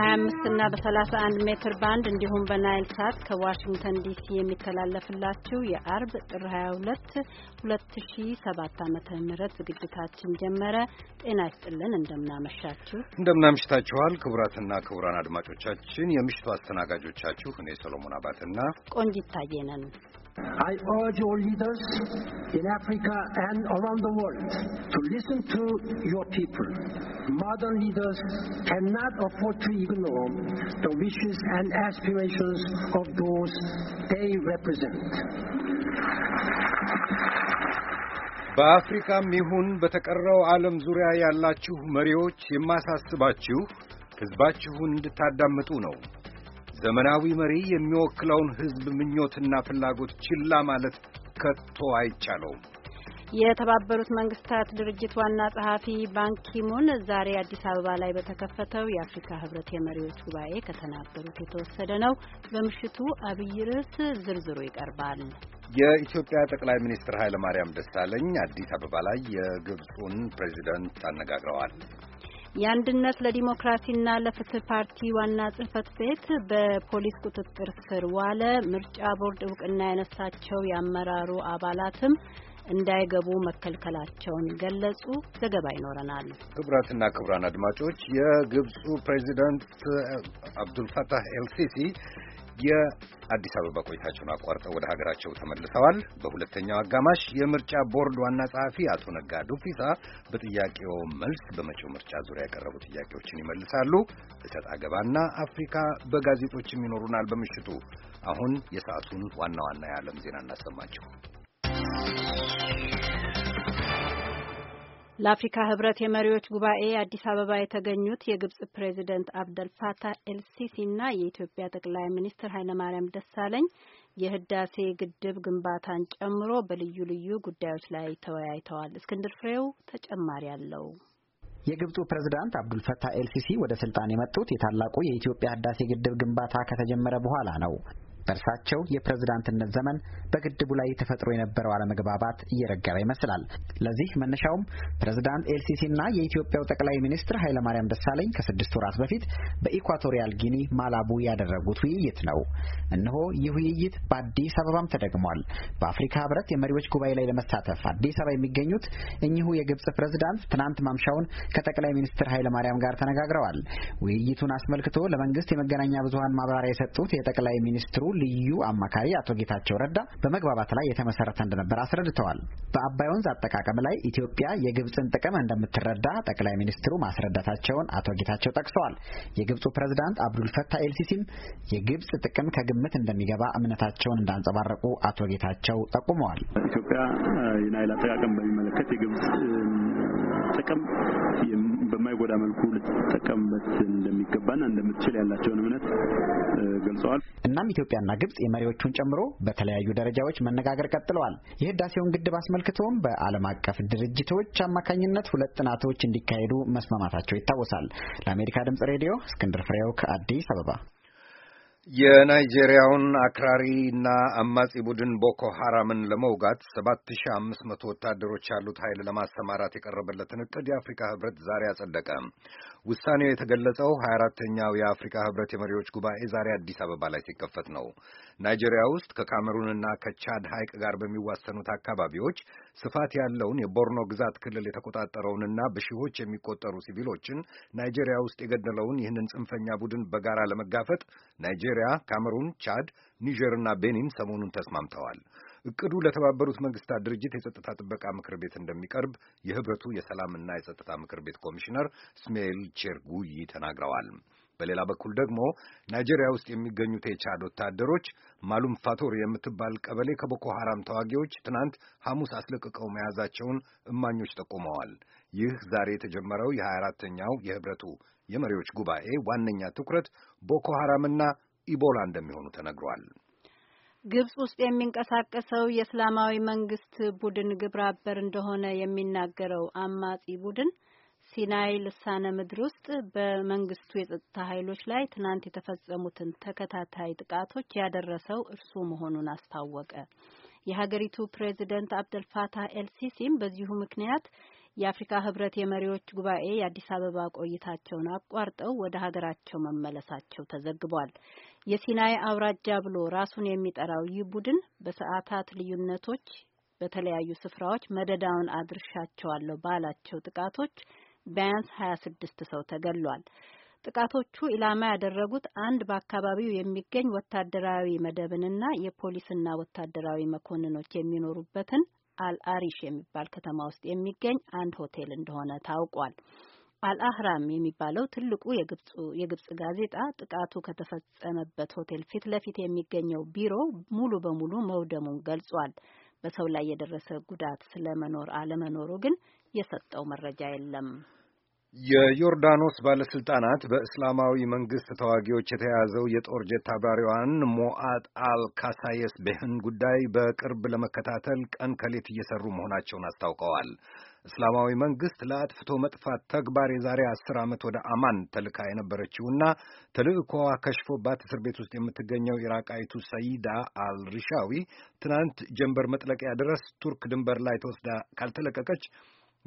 በ25 እና በ31 ሜትር ባንድ እንዲሁም በናይል ሳት ከዋሽንግተን ዲሲ የሚተላለፍላችሁ የአርብ ጥር 22 2007 ዓ ም ዝግጅታችን ጀመረ። ጤና ይስጥልን፣ እንደምናመሻችሁ እንደምናምሽታችኋል። ክቡራትና ክቡራን አድማጮቻችን የምሽቱ አስተናጋጆቻችሁ እኔ ሰሎሞን አባትና ቆንጂት ታየ ነን። I urge all leaders in Africa and around the world to listen to your people. Modern leaders cannot afford to ignore the wishes and aspirations of those they represent. በአፍሪካም ይሁን በተቀረው ዓለም ዙሪያ ያላችሁ መሪዎች የማሳስባችሁ ሕዝባችሁን እንድታዳምጡ ነው። ዘመናዊ መሪ የሚወክለውን ሕዝብ ምኞትና ፍላጎት ችላ ማለት ከቶ አይቻለውም። የተባበሩት መንግስታት ድርጅት ዋና ጸሐፊ ባንኪሙን ዛሬ አዲስ አበባ ላይ በተከፈተው የአፍሪካ ህብረት የመሪዎች ጉባኤ ከተናገሩት የተወሰደ ነው። በምሽቱ አብይ ርዕስ ዝርዝሩ ይቀርባል። የኢትዮጵያ ጠቅላይ ሚኒስትር ኃይለማርያም ደሳለኝ አዲስ አበባ ላይ የግብፁን ፕሬዚደንት አነጋግረዋል። የአንድነት ለዲሞክራሲና ለፍትህ ፓርቲ ዋና ጽህፈት ቤት በፖሊስ ቁጥጥር ስር ዋለ። ምርጫ ቦርድ እውቅና ያነሳቸው የአመራሩ አባላትም እንዳይገቡ መከልከላቸውን ገለጹ። ዘገባ ይኖረናል። ክቡራትና ክቡራን አድማጮች የግብፁ ፕሬዚዳንት አብዱልፈታህ ኤልሲሲ የአዲስ አበባ ቆይታቸውን አቋርጠው ወደ ሀገራቸው ተመልሰዋል። በሁለተኛው አጋማሽ የምርጫ ቦርድ ዋና ጸሐፊ አቶ ነጋ ዱፊሳ በጥያቄው መልስ በመጪው ምርጫ ዙሪያ የቀረቡ ጥያቄዎችን ይመልሳሉ። እሰጥ አገባና አፍሪካ በጋዜጦችም ይኖሩናል በምሽቱ። አሁን የሰዓቱን ዋና ዋና የዓለም ዜና እናሰማቸው። ለአፍሪካ ህብረት የመሪዎች ጉባኤ አዲስ አበባ የተገኙት የግብጽ ፕሬዚደንት አብደል ፋታህ እና የኢትዮጵያ ጠቅላይ ሚኒስትር ኃይለማርያም ደሳለኝ የህዳሴ ግድብ ግንባታን ጨምሮ በልዩ ልዩ ጉዳዮች ላይ ተወያይተዋል። እስክንድር ፍሬው ተጨማሪ አለው። የግብፁ ፕሬዝዳንት አብዱልፈታህ ኤልሲሲ ወደ ስልጣን የመጡት የታላቁ የኢትዮጵያ ህዳሴ ግድብ ግንባታ ከተጀመረ በኋላ ነው። በእርሳቸው የፕሬዝዳንትነት ዘመን በግድቡ ላይ ተፈጥሮ የነበረው አለመግባባት እየረገበ ይመስላል። ለዚህ መነሻውም ፕሬዝዳንት ኤልሲሲና የኢትዮጵያው ጠቅላይ ሚኒስትር ኃይለማርያም ደሳለኝ ከስድስት ወራት በፊት በኢኳቶሪያል ጊኒ ማላቡ ያደረጉት ውይይት ነው። እነሆ ይህ ውይይት በአዲስ አበባም ተደግሟል። በአፍሪካ ህብረት የመሪዎች ጉባኤ ላይ ለመሳተፍ አዲስ አበባ የሚገኙት እኚሁ የግብጽ ፕሬዝዳንት ትናንት ማምሻውን ከጠቅላይ ሚኒስትር ኃይለማርያም ጋር ተነጋግረዋል። ውይይቱን አስመልክቶ ለመንግስት የመገናኛ ብዙሀን ማብራሪያ የሰጡት የጠቅላይ ሚኒስትሩ ልዩ አማካሪ አቶ ጌታቸው ረዳ በመግባባት ላይ የተመሰረተ እንደነበር አስረድተዋል። በአባይ ወንዝ አጠቃቀም ላይ ኢትዮጵያ የግብፅን ጥቅም እንደምትረዳ ጠቅላይ ሚኒስትሩ ማስረዳታቸውን አቶ ጌታቸው ጠቅሰዋል። የግብፁ ፕሬዝዳንት አብዱልፈታህ ኤልሲሲም የግብፅ ጥቅም ከግምት እንደሚገባ እምነታቸውን እንዳንጸባረቁ አቶ ጌታቸው ጠቁመዋል። ኢትዮጵያ የናይል አጠቃቀም በሚመለከት የግብፅ ጥቅም በማይጎዳ መልኩ ልትጠቀምበት እንደሚገባና እንደምትችል ያላቸውን እምነት ገልጸዋል። እናም ኢትዮጵያና ግብጽ የመሪዎቹን ጨምሮ በተለያዩ ደረጃዎች መነጋገር ቀጥለዋል። የህዳሴውን ግድብ አስመልክቶም በዓለም አቀፍ ድርጅቶች አማካኝነት ሁለት ጥናቶች እንዲካሄዱ መስማማታቸው ይታወሳል። ለአሜሪካ ድምጽ ሬዲዮ እስክንድር ፍሬው ከአዲስ አበባ የናይጄሪያውን አክራሪና አማጺ ቡድን ቦኮ ሐራምን ለመውጋት ሰባት ሺህ አምስት መቶ ወታደሮች ያሉት ኃይል ለማሰማራት የቀረበለትን እቅድ የአፍሪካ ህብረት ዛሬ አጸደቀ። ውሳኔው የተገለጸው ሀያ አራተኛው የአፍሪካ ህብረት የመሪዎች ጉባኤ ዛሬ አዲስ አበባ ላይ ሲከፈት ነው። ናይጄሪያ ውስጥ ከካሜሩንና ከቻድ ሐይቅ ጋር በሚዋሰኑት አካባቢዎች ስፋት ያለውን የቦርኖ ግዛት ክልል የተቆጣጠረውንና በሺዎች የሚቆጠሩ ሲቪሎችን ናይጄሪያ ውስጥ የገደለውን ይህንን ጽንፈኛ ቡድን በጋራ ለመጋፈጥ ናይጄሪያ፣ ካሜሩን፣ ቻድ፣ ኒጀርና ቤኒን ሰሞኑን ተስማምተዋል። እቅዱ ለተባበሩት መንግስታት ድርጅት የጸጥታ ጥበቃ ምክር ቤት እንደሚቀርብ የህብረቱ የሰላምና የጸጥታ ምክር ቤት ኮሚሽነር ስሜል ቼርጉይ ተናግረዋል። በሌላ በኩል ደግሞ ናይጄሪያ ውስጥ የሚገኙት የቻድ ወታደሮች ማሉም ፋቶር የምትባል ቀበሌ ከቦኮ ሐራም ተዋጊዎች ትናንት ሐሙስ አስለቅቀው መያዛቸውን እማኞች ጠቁመዋል። ይህ ዛሬ የተጀመረው የ24ተኛው የህብረቱ የመሪዎች ጉባኤ ዋነኛ ትኩረት ቦኮ ሐራምና ኢቦላ እንደሚሆኑ ተነግሯል። ግብጽ ውስጥ የሚንቀሳቀሰው የእስላማዊ መንግስት ቡድን ግብረ አበር እንደሆነ የሚናገረው አማጺ ቡድን ሲናይ ልሳነ ምድር ውስጥ በመንግስቱ የጸጥታ ኃይሎች ላይ ትናንት የተፈጸሙትን ተከታታይ ጥቃቶች ያደረሰው እርሱ መሆኑን አስታወቀ። የሀገሪቱ ፕሬዚደንት አብደልፋታህ ኤልሲሲም በዚሁ ምክንያት የአፍሪካ ህብረት የመሪዎች ጉባኤ የአዲስ አበባ ቆይታቸውን አቋርጠው ወደ ሀገራቸው መመለሳቸው ተዘግቧል። የሲናይ አውራጃ ብሎ ራሱን የሚጠራው ይህ ቡድን በሰዓታት ልዩነቶች በተለያዩ ስፍራዎች መደዳውን አድርሻቸዋለሁ ባላቸው ጥቃቶች ቢያንስ 26 ሰው ተገሏል። ጥቃቶቹ ኢላማ ያደረጉት አንድ በአካባቢው የሚገኝ ወታደራዊ መደብንና የፖሊስና ወታደራዊ መኮንኖች የሚኖሩበትን አልአሪሽ የሚባል ከተማ ውስጥ የሚገኝ አንድ ሆቴል እንደሆነ ታውቋል። አልአህራም የሚባለው ትልቁ የግብጽ ጋዜጣ ጥቃቱ ከተፈጸመበት ሆቴል ፊት ለፊት የሚገኘው ቢሮ ሙሉ በሙሉ መውደሙን ገልጿል። በሰው ላይ የደረሰ ጉዳት ስለመኖር አለመኖሩ ግን የሰጠው መረጃ የለም። የዮርዳኖስ ባለስልጣናት በእስላማዊ መንግስት ተዋጊዎች የተያዘው የጦር ጀት አብራሪዋን ሞአት አል ካሳየስ ቤህን ጉዳይ በቅርብ ለመከታተል ቀን ከሌት እየሰሩ መሆናቸውን አስታውቀዋል። እስላማዊ መንግስት ለአጥፍቶ መጥፋት ተግባር የዛሬ አስር ዓመት ወደ አማን ተልካ የነበረችውና ተልእኮዋ ከሽፎባት እስር ቤት ውስጥ የምትገኘው ኢራቃዊቱ ሰይዳ አልሪሻዊ ትናንት ጀንበር መጥለቂያ ድረስ ቱርክ ድንበር ላይ ተወስዳ ካልተለቀቀች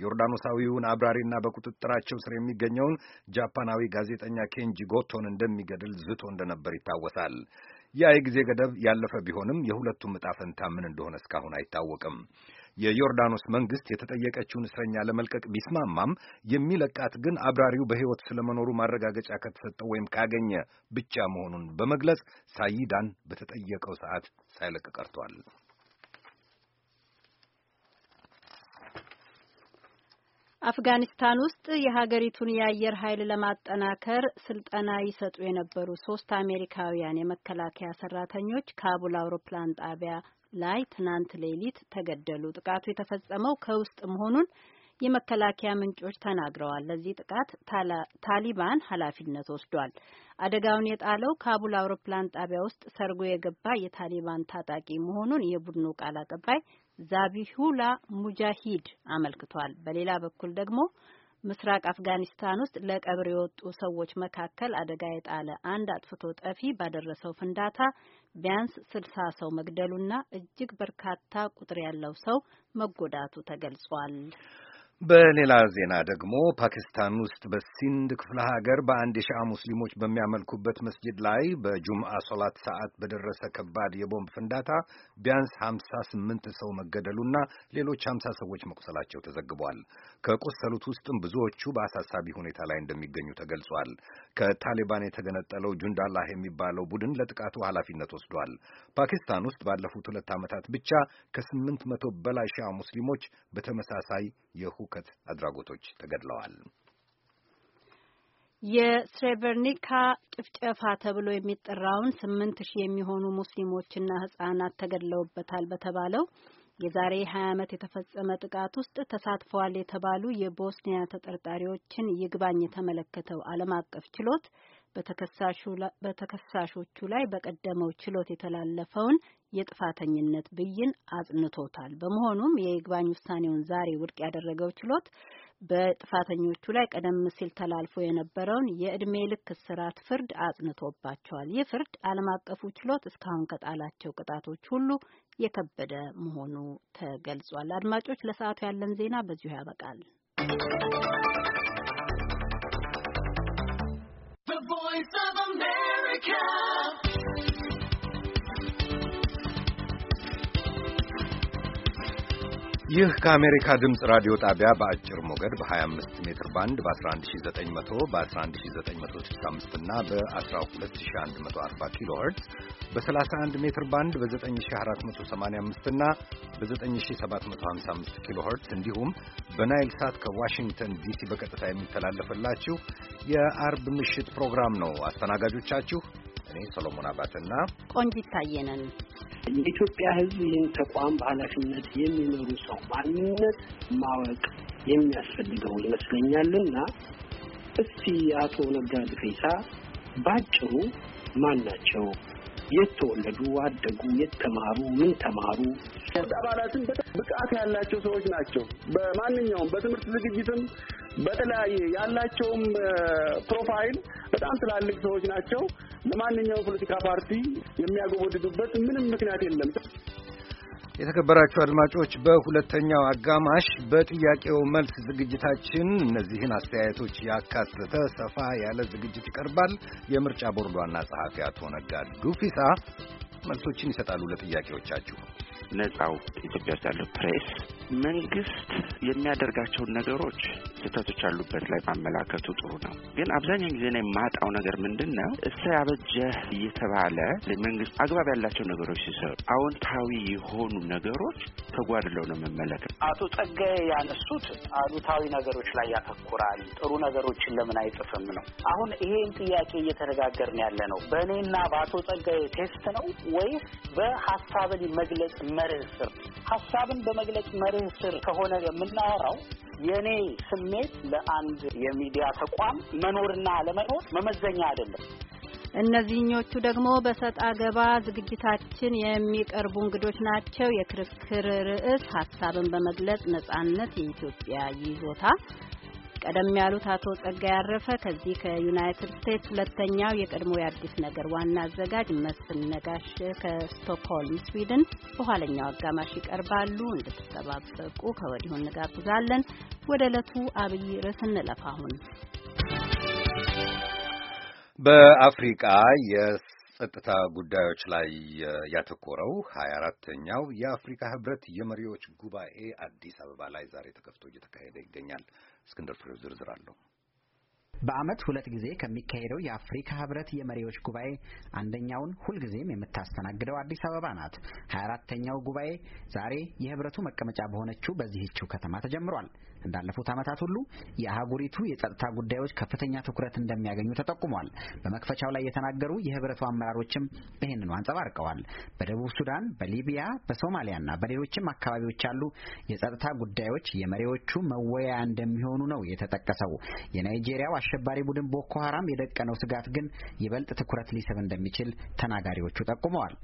ዮርዳኖሳዊውን አብራሪና በቁጥጥራቸው ስር የሚገኘውን ጃፓናዊ ጋዜጠኛ ኬንጂ ጎቶን እንደሚገድል ዝቶ እንደነበር ይታወሳል። ያ የጊዜ ገደብ ያለፈ ቢሆንም የሁለቱም ዕጣ ፈንታ ምን እንደሆነ እስካሁን አይታወቅም። የዮርዳኖስ መንግስት የተጠየቀችውን እስረኛ ለመልቀቅ ቢስማማም የሚለቃት ግን አብራሪው በሕይወት ስለመኖሩ ማረጋገጫ ከተሰጠው ወይም ካገኘ ብቻ መሆኑን በመግለጽ ሳይዳን በተጠየቀው ሰዓት ሳይለቅ ቀርቷል። አፍጋኒስታን ውስጥ የሀገሪቱን የአየር ኃይል ለማጠናከር ስልጠና ይሰጡ የነበሩ ሶስት አሜሪካውያን የመከላከያ ሰራተኞች ካቡል አውሮፕላን ጣቢያ ላይ ትናንት ሌሊት ተገደሉ። ጥቃቱ የተፈጸመው ከውስጥ መሆኑን የመከላከያ ምንጮች ተናግረዋል። ለዚህ ጥቃት ታሊባን ኃላፊነት ወስዷል። አደጋውን የጣለው ካቡል አውሮፕላን ጣቢያ ውስጥ ሰርጎ የገባ የታሊባን ታጣቂ መሆኑን የቡድኑ ቃል አቀባይ ዛቢሁላ ሙጃሂድ አመልክቷል። በሌላ በኩል ደግሞ ምስራቅ አፍጋኒስታን ውስጥ ለቀብር የወጡ ሰዎች መካከል አደጋ የጣለ አንድ አጥፍቶ ጠፊ ባደረሰው ፍንዳታ ቢያንስ ስልሳ ሰው መግደሉና እጅግ በርካታ ቁጥር ያለው ሰው መጎዳቱ ተገልጿል። በሌላ ዜና ደግሞ ፓኪስታን ውስጥ በሲንድ ክፍለ ሀገር በአንድ የሺአ ሙስሊሞች በሚያመልኩበት መስጂድ ላይ በጁምአ ሶላት ሰዓት በደረሰ ከባድ የቦምብ ፍንዳታ ቢያንስ ሀምሳ ስምንት ሰው መገደሉና ሌሎች ሀምሳ ሰዎች መቁሰላቸው ተዘግቧል። ከቆሰሉት ውስጥም ብዙዎቹ በአሳሳቢ ሁኔታ ላይ እንደሚገኙ ተገልጿል። ከታሊባን የተገነጠለው ጁንዳላህ የሚባለው ቡድን ለጥቃቱ ኃላፊነት ወስዷል። ፓኪስታን ውስጥ ባለፉት ሁለት ዓመታት ብቻ ከስምንት መቶ በላይ ሺአ ሙስሊሞች በተመሳሳይ የሁ ሁከት አድራጎቶች ተገድለዋል። የስሬቨርኒካ ጭፍጨፋ ተብሎ የሚጠራውን ስምንት ሺህ የሚሆኑ ሙስሊሞችና ህጻናት ተገድለውበታል በተባለው የዛሬ 20 ዓመት የተፈጸመ ጥቃት ውስጥ ተሳትፈዋል የተባሉ የቦስኒያ ተጠርጣሪዎችን ይግባኝ የተመለከተው ዓለም አቀፍ ችሎት በተከሳሾቹ ላይ በቀደመው ችሎት የተላለፈውን የጥፋተኝነት ብይን አጽንቶታል። በመሆኑም የይግባኝ ውሳኔውን ዛሬ ውድቅ ያደረገው ችሎት በጥፋተኞቹ ላይ ቀደም ሲል ተላልፎ የነበረውን የእድሜ ልክ እስራት ፍርድ አጽንቶባቸዋል። ይህ ፍርድ ዓለም አቀፉ ችሎት እስካሁን ከጣላቸው ቅጣቶች ሁሉ የከበደ መሆኑ ተገልጿል። አድማጮች፣ ለሰዓቱ ያለን ዜና በዚሁ ያበቃል። ይህ ከአሜሪካ ድምፅ ራዲዮ ጣቢያ በአጭር ሞገድ በ25 ሜትር ባንድ በ11900 በ11965 እና በ12140 ኪሎ በ31 ሜትር ባንድ በ9485 እና በ9755 ኪሎ እንዲሁም በናይል ሳት ከዋሽንግተን ዲሲ በቀጥታ የሚተላለፍላችሁ የአርብ ምሽት ፕሮግራም ነው። አስተናጋጆቻችሁ እኔ ሰሎሞን አባትና ቆንጂት ታየነን። የኢትዮጵያ ሕዝብ ይህን ተቋም በኃላፊነት የሚመሩ ሰው ማንነት ማወቅ የሚያስፈልገው ይመስለኛልና እስቲ አቶ ነጋ ድፌሳ ባጭሩ ማን ናቸው? የት ተወለዱ፣ አደጉ፣ የት ተማሩ፣ ምን ተማሩ አባላትን ብቃት ያላቸው ሰዎች ናቸው። በማንኛውም በትምህርት ዝግጅትም በተለያየ ያላቸውም ፕሮፋይል በጣም ትላልቅ ሰዎች ናቸው። ለማንኛውም ፖለቲካ ፓርቲ የሚያጎበድዱበት ምንም ምክንያት የለም። የተከበራችሁ አድማጮች በሁለተኛው አጋማሽ በጥያቄው መልስ ዝግጅታችን እነዚህን አስተያየቶች ያካተተ ሰፋ ያለ ዝግጅት ይቀርባል። የምርጫ ቦርድ ዋና ጸሐፊ አቶ ነጋ ዱፊሳ መልሶችን ይሰጣሉ ለጥያቄዎቻችሁ። ነጻው ኢትዮጵያ ውስጥ ያለው ፕሬስ መንግስት የሚያደርጋቸውን ነገሮች ስህተቶች አሉበት ላይ ማመላከቱ ጥሩ ነው። ግን አብዛኛውን ጊዜ ነው የማጣው ነገር ምንድን ነው እሰ ያበጀህ እየተባለ መንግስት አግባብ ያላቸው ነገሮች ሲሰሩ አዎንታዊ የሆኑ ነገሮች ተጓድለው ነው የምመለከት። አቶ ጸጋዬ ያነሱት አሉታዊ ነገሮች ላይ ያተኩራል፣ ጥሩ ነገሮችን ለምን አይጽፍም ነው። አሁን ይሄን ጥያቄ እየተነጋገርን ያለ ነው። በእኔና በአቶ ጸጋዬ ቴስት ነው ወይስ በሀሳብን መግለጽ መርህ ስር ሀሳብን በመግለጽ መርህ ስር ከሆነ የምናወራው የእኔ ስሜት ለአንድ የሚዲያ ተቋም መኖርና ለመኖር መመዘኛ አይደለም። እነዚህኞቹ ደግሞ በሰጥ አገባ ዝግጅታችን የሚቀርቡ እንግዶች ናቸው። የክርክር ርዕስ ሀሳብን በመግለጽ ነጻነት የኢትዮጵያ ይዞታ ቀደም ያሉት አቶ ጸጋ ያረፈ ከዚህ ከዩናይትድ ስቴትስ፣ ሁለተኛው የቀድሞ የአዲስ ነገር ዋና አዘጋጅ መስፍን ነጋሽ ከስቶክሆልም ስዊድን በኋለኛው አጋማሽ ይቀርባሉ። እንድትጠባበቁ ከወዲሁ እንጋብዛለን። ወደ ዕለቱ አብይ ርዕስ እንለፍ አሁን በአፍሪቃ ጸጥታ ጉዳዮች ላይ ያተኮረው ሀያ አራተኛው የአፍሪካ ህብረት የመሪዎች ጉባኤ አዲስ አበባ ላይ ዛሬ ተከፍቶ እየተካሄደ ይገኛል። እስክንድር ፍሬው ዝርዝር አለው። በዓመት ሁለት ጊዜ ከሚካሄደው የአፍሪካ ህብረት የመሪዎች ጉባኤ አንደኛውን ሁልጊዜም የምታስተናግደው አዲስ አበባ ናት። ሀያ አራተኛው ጉባኤ ዛሬ የህብረቱ መቀመጫ በሆነችው በዚህችው ከተማ ተጀምሯል። እንዳለፉት ዓመታት ሁሉ የአህጉሪቱ የጸጥታ ጉዳዮች ከፍተኛ ትኩረት እንደሚያገኙ ተጠቁሟል። በመክፈቻው ላይ የተናገሩ የህብረቱ አመራሮችም ይህንኑ አንጸባርቀዋል። በደቡብ ሱዳን፣ በሊቢያ፣ በሶማሊያና በሌሎችም አካባቢዎች ያሉ የጸጥታ ጉዳዮች የመሪዎቹ መወያያ እንደሚሆኑ ነው የተጠቀሰው። የናይጄሪያው አሸባሪ ቡድን ቦኮ ሀራም የደቀነው ስጋት ግን ይበልጥ ትኩረት ሊስብ እንደሚችል ተናጋሪዎቹ ጠቁመዋል።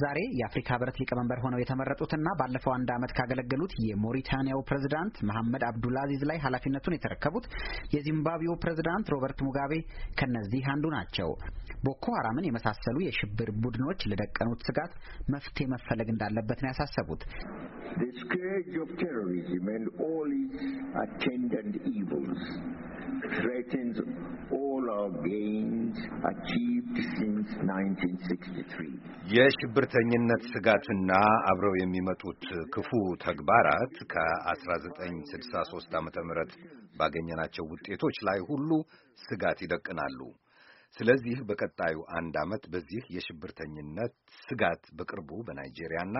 ዛሬ የአፍሪካ ህብረት ሊቀመንበር ሆነው የተመረጡትና ባለፈው አንድ ዓመት ካገለገሉት የሞሪታንያው ፕሬዝዳንት መሐመድ አብዱልአዚዝ ላይ ኃላፊነቱን የተረከቡት የዚምባብዌው ፕሬዝዳንት ሮበርት ሙጋቤ ከነዚህ አንዱ ናቸው። ቦኮ ሀራምን የመሳሰሉ የሽብር ቡድኖች ለደቀኑት ስጋት መፍትሄ መፈለግ እንዳለበት ነው ያሳሰቡት። The scourge of terrorism and all its attendant evils threatens all our gains achieved since 1963 የሽብርተኝነት ስጋትና አብረው የሚመጡት ክፉ ተግባራት ከ1963 ዓመተ ምህረት ባገኘናቸው ውጤቶች ላይ ሁሉ ስጋት ይደቅናሉ። ስለዚህ በቀጣዩ አንድ ዓመት በዚህ የሽብርተኝነት ስጋት በቅርቡ በናይጄሪያና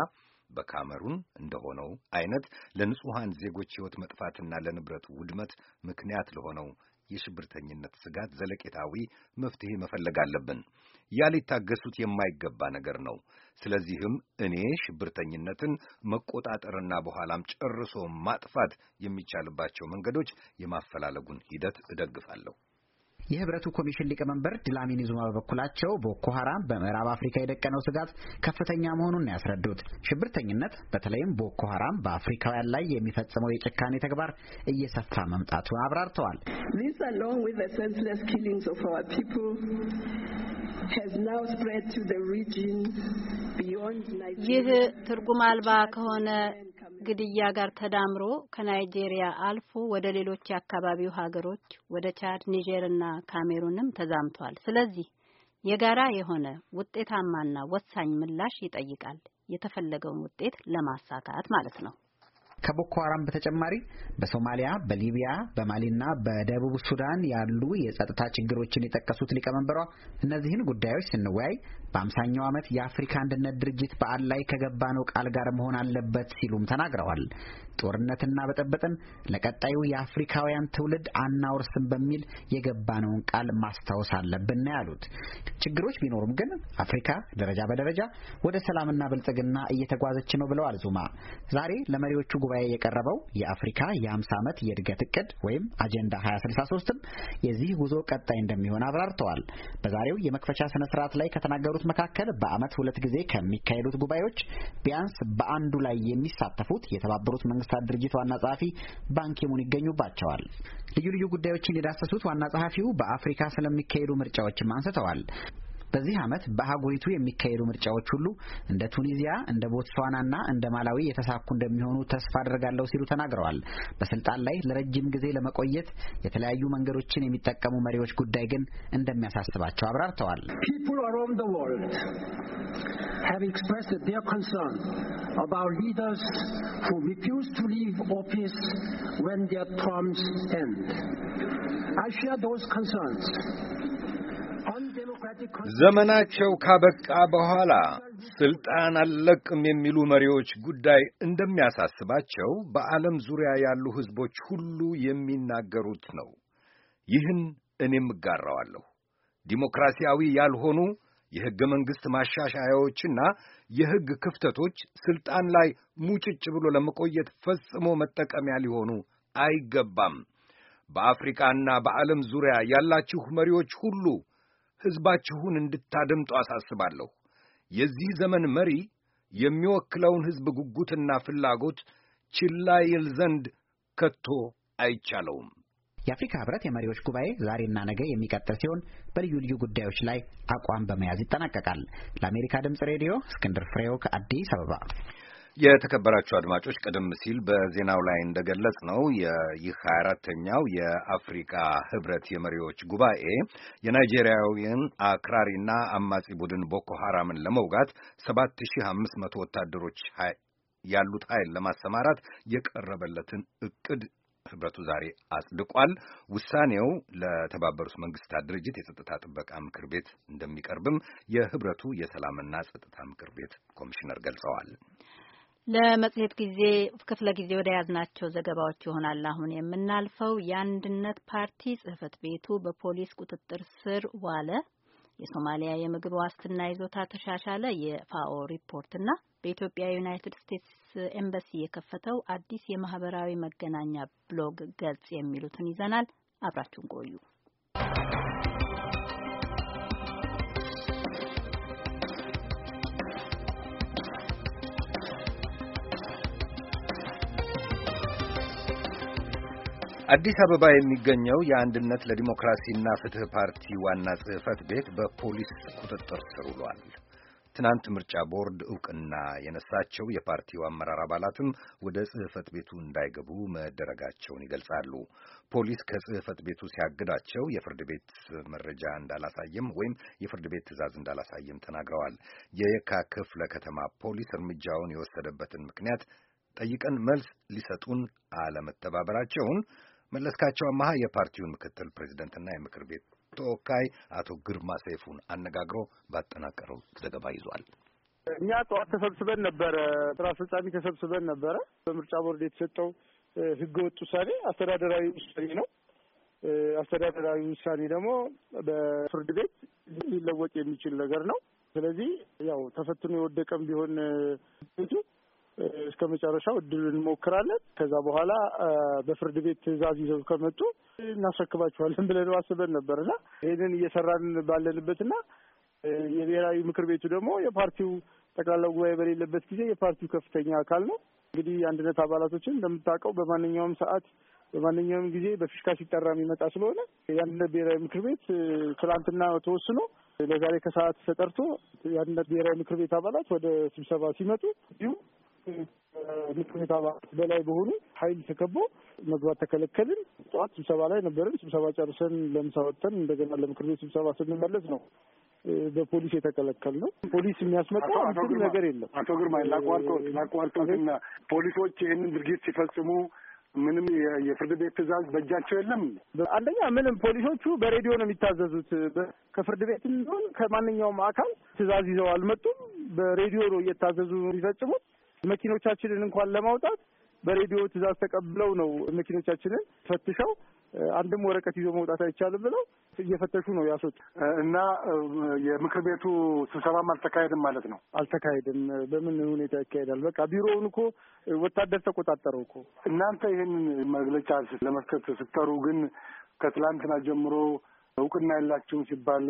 በካሜሩን እንደሆነው አይነት ለንጹሐን ዜጎች ሕይወት መጥፋትና ለንብረት ውድመት ምክንያት ለሆነው የሽብርተኝነት ስጋት ዘለቄታዊ መፍትሄ መፈለግ አለብን። ያ ሊታገሱት የማይገባ ነገር ነው። ስለዚህም እኔ ሽብርተኝነትን መቆጣጠርና በኋላም ጨርሶ ማጥፋት የሚቻልባቸው መንገዶች የማፈላለጉን ሂደት እደግፋለሁ። የህብረቱ ኮሚሽን ሊቀመንበር ድላሚን ዙማ በበኩላቸው ቦኮ ሀራም በምዕራብ አፍሪካ የደቀነው ስጋት ከፍተኛ መሆኑን ያስረዱት ሽብርተኝነት በተለይም ቦኮ ሀራም በአፍሪካውያን ላይ የሚፈጽመው የጭካኔ ተግባር እየሰፋ መምጣቱን አብራርተዋል። ይህ ትርጉም አልባ ከሆነ ግድያ ጋር ተዳምሮ ከናይጄሪያ አልፎ ወደ ሌሎች የአካባቢው ሀገሮች ወደ ቻድ፣ ኒጀርና ካሜሩንም ተዛምቷል። ስለዚህ የጋራ የሆነ ውጤታማና ወሳኝ ምላሽ ይጠይቃል። የተፈለገውን ውጤት ለማሳካት ማለት ነው። ከቦኮ ሀራም በተጨማሪ በሶማሊያ፣ በሊቢያ፣ በማሊና በደቡብ ሱዳን ያሉ የጸጥታ ችግሮችን የጠቀሱት ሊቀመንበሯ እነዚህን ጉዳዮች ስንወያይ በአምሳኛው ዓመት የአፍሪካ አንድነት ድርጅት በዓል ላይ ከገባነው ቃል ጋር መሆን አለበት ሲሉም ተናግረዋል። ጦርነትና በጠበጥን ለቀጣዩ የአፍሪካውያን ትውልድ አናወርስም በሚል የገባነውን ቃል ማስታወስ አለብን ያሉት። ችግሮች ቢኖሩም ግን አፍሪካ ደረጃ በደረጃ ወደ ሰላምና ብልጽግና እየተጓዘች ነው ብለዋል ዙማ። ዛሬ ለመሪዎቹ ጉባኤ የቀረበው የአፍሪካ የ ዓመት የእድገት እቅድ ወይም አጀንዳ 2063ም የዚህ ጉዞ ቀጣይ እንደሚሆን አብራርተዋል። በዛሬው የመክፈቻ ስነ ስርዓት ላይ ከተናገሩ ከሚቀጥሉት መካከል በዓመት ሁለት ጊዜ ከሚካሄዱት ጉባኤዎች ቢያንስ በአንዱ ላይ የሚሳተፉት የተባበሩት መንግስታት ድርጅት ዋና ጸሐፊ ባንኪሙን ይገኙባቸዋል። ልዩ ልዩ ጉዳዮችን የዳሰሱት ዋና ጸሐፊው በአፍሪካ ስለሚካሄዱ ምርጫዎችም አንስተዋል። በዚህ ዓመት በአህጉሪቱ የሚካሄዱ ምርጫዎች ሁሉ እንደ ቱኒዚያ፣ እንደ ቦትስዋና እና እንደ ማላዊ የተሳኩ እንደሚሆኑ ተስፋ አድርጋለሁ ሲሉ ተናግረዋል። በስልጣን ላይ ለረጅም ጊዜ ለመቆየት የተለያዩ መንገዶችን የሚጠቀሙ መሪዎች ጉዳይ ግን እንደሚያሳስባቸው አብራርተዋል። ዘመናቸው ካበቃ በኋላ ስልጣን አልለቅም የሚሉ መሪዎች ጉዳይ እንደሚያሳስባቸው በዓለም ዙሪያ ያሉ ሕዝቦች ሁሉ የሚናገሩት ነው። ይህን እኔም እጋራዋለሁ። ዲሞክራሲያዊ ያልሆኑ የሕገ መንግሥት ማሻሻያዎችና የሕግ ክፍተቶች ስልጣን ላይ ሙጭጭ ብሎ ለመቆየት ፈጽሞ መጠቀሚያ ሊሆኑ አይገባም። በአፍሪካና በዓለም ዙሪያ ያላችሁ መሪዎች ሁሉ ሕዝባችሁን እንድታደምጡ አሳስባለሁ። የዚህ ዘመን መሪ የሚወክለውን ሕዝብ ጉጉትና ፍላጎት ችላ ይል ዘንድ ከቶ አይቻለውም። የአፍሪካ ህብረት የመሪዎች ጉባኤ ዛሬና ነገ የሚቀጥል ሲሆን በልዩ ልዩ ጉዳዮች ላይ አቋም በመያዝ ይጠናቀቃል። ለአሜሪካ ድምፅ ሬዲዮ እስክንድር ፍሬው ከአዲስ አበባ የተከበራችሁ አድማጮች ቀደም ሲል በዜናው ላይ እንደገለጽ ነው ይህ 24ተኛው የአፍሪካ ህብረት የመሪዎች ጉባኤ የናይጄሪያዊን አክራሪና አማጺ ቡድን ቦኮ ሐራምን ለመውጋት 7500 ወታደሮች ያሉት ኃይል ለማሰማራት የቀረበለትን እቅድ ህብረቱ ዛሬ አጽድቋል። ውሳኔው ለተባበሩት መንግስታት ድርጅት የጸጥታ ጥበቃ ምክር ቤት እንደሚቀርብም የህብረቱ የሰላምና ጸጥታ ምክር ቤት ኮሚሽነር ገልጸዋል። ለመጽሔት ጊዜ ክፍለ ጊዜ ወደ ያዝናቸው ዘገባዎች ይሆናል አሁን የምናልፈው። የአንድነት ፓርቲ ጽህፈት ቤቱ በፖሊስ ቁጥጥር ስር ዋለ፣ የሶማሊያ የምግብ ዋስትና ይዞታ ተሻሻለ፣ የፋኦ ሪፖርትና በኢትዮጵያ ዩናይትድ ስቴትስ ኤምባሲ የከፈተው አዲስ የማህበራዊ መገናኛ ብሎግ ገጽ የሚሉትን ይዘናል። አብራችሁን ቆዩ። አዲስ አበባ የሚገኘው የአንድነት ለዲሞክራሲና ፍትህ ፓርቲ ዋና ጽህፈት ቤት በፖሊስ ቁጥጥር ስር ውሏል። ትናንት ምርጫ ቦርድ እውቅና የነሳቸው የፓርቲው አመራር አባላትም ወደ ጽህፈት ቤቱ እንዳይገቡ መደረጋቸውን ይገልጻሉ። ፖሊስ ከጽህፈት ቤቱ ሲያግዳቸው የፍርድ ቤት መረጃ እንዳላሳየም ወይም የፍርድ ቤት ትዕዛዝ እንዳላሳየም ተናግረዋል። የየካ ክፍለ ከተማ ፖሊስ እርምጃውን የወሰደበትን ምክንያት ጠይቀን መልስ ሊሰጡን አለመተባበራቸውን መለስካቸው አማሃ የፓርቲው ምክትል ፕሬዚደንትና የምክር ቤት ተወካይ አቶ ግርማ ሰይፉን አነጋግሮ ባጠናቀረው ዘገባ ይዟል። እኛ ጠዋት ተሰብስበን ነበረ፣ ስራ አስፈጻሚ ተሰብስበን ነበረ። በምርጫ ቦርድ የተሰጠው ህገወጥ ውሳኔ አስተዳደራዊ ውሳኔ ነው። አስተዳደራዊ ውሳኔ ደግሞ በፍርድ ቤት ሊለወጥ የሚችል ነገር ነው። ስለዚህ ያው ተፈትኖ የወደቀም ቢሆን እስከ መጨረሻው እድል እንሞክራለን። ከዛ በኋላ በፍርድ ቤት ትዕዛዝ ይዘው ከመጡ እናስረክባቸዋለን ብለን አስበን ነበር እና ይህንን እየሰራን ባለንበትና የብሔራዊ ምክር ቤቱ ደግሞ የፓርቲው ጠቅላላ ጉባኤ በሌለበት ጊዜ የፓርቲው ከፍተኛ አካል ነው። እንግዲህ የአንድነት አባላቶችን እንደምታውቀው በማንኛውም ሰዓት በማንኛውም ጊዜ በፊሽካ ሲጠራ የሚመጣ ስለሆነ የአንድነት ብሔራዊ ምክር ቤት ትላንትና ተወስኖ ለዛሬ ከሰዓት ተጠርቶ የአንድነት ብሔራዊ ምክር ቤት አባላት ወደ ስብሰባ ሲመጡ እንዲሁም ሁኔታ አባላት በላይ በሆኑ ኃይል ተከቦ መግባት ተከለከልን። ጠዋት ስብሰባ ላይ ነበርን። ስብሰባ ጨርሰን ለምሳ ወጥተን እንደገና ለምክር ቤት ስብሰባ ስንመለስ ነው በፖሊስ የተከለከል ነው። ፖሊስ የሚያስመጣው አንድም ነገር የለም። አቶ ግርማ ላቋርጦትና ፖሊሶች ይህንን ድርጊት ሲፈጽሙ ምንም የፍርድ ቤት ትእዛዝ በእጃቸው የለም። አንደኛ ምንም ፖሊሶቹ በሬዲዮ ነው የሚታዘዙት። ከፍርድ ቤት ቢሆን ከማንኛውም አካል ትእዛዝ ይዘው አልመጡም። በሬዲዮ ነው እየታዘዙ የሚፈጽሙት። መኪኖቻችንን እንኳን ለማውጣት በሬዲዮ ትዛዝ ተቀብለው ነው መኪኖቻችንን ፈትሸው አንድም ወረቀት ይዞ መውጣት አይቻልም ብለው እየፈተሹ ነው ያስወጡ እና የምክር ቤቱ ስብሰባም አልተካሄድም ማለት ነው። አልተካሄድም። በምን ሁኔታ ይካሄዳል? በቃ ቢሮውን እኮ ወታደር ተቆጣጠረው እኮ። እናንተ ይህን መግለጫ ለመስከት ስትጠሩ ግን ከትላንትና ጀምሮ እውቅና የላችሁም ሲባል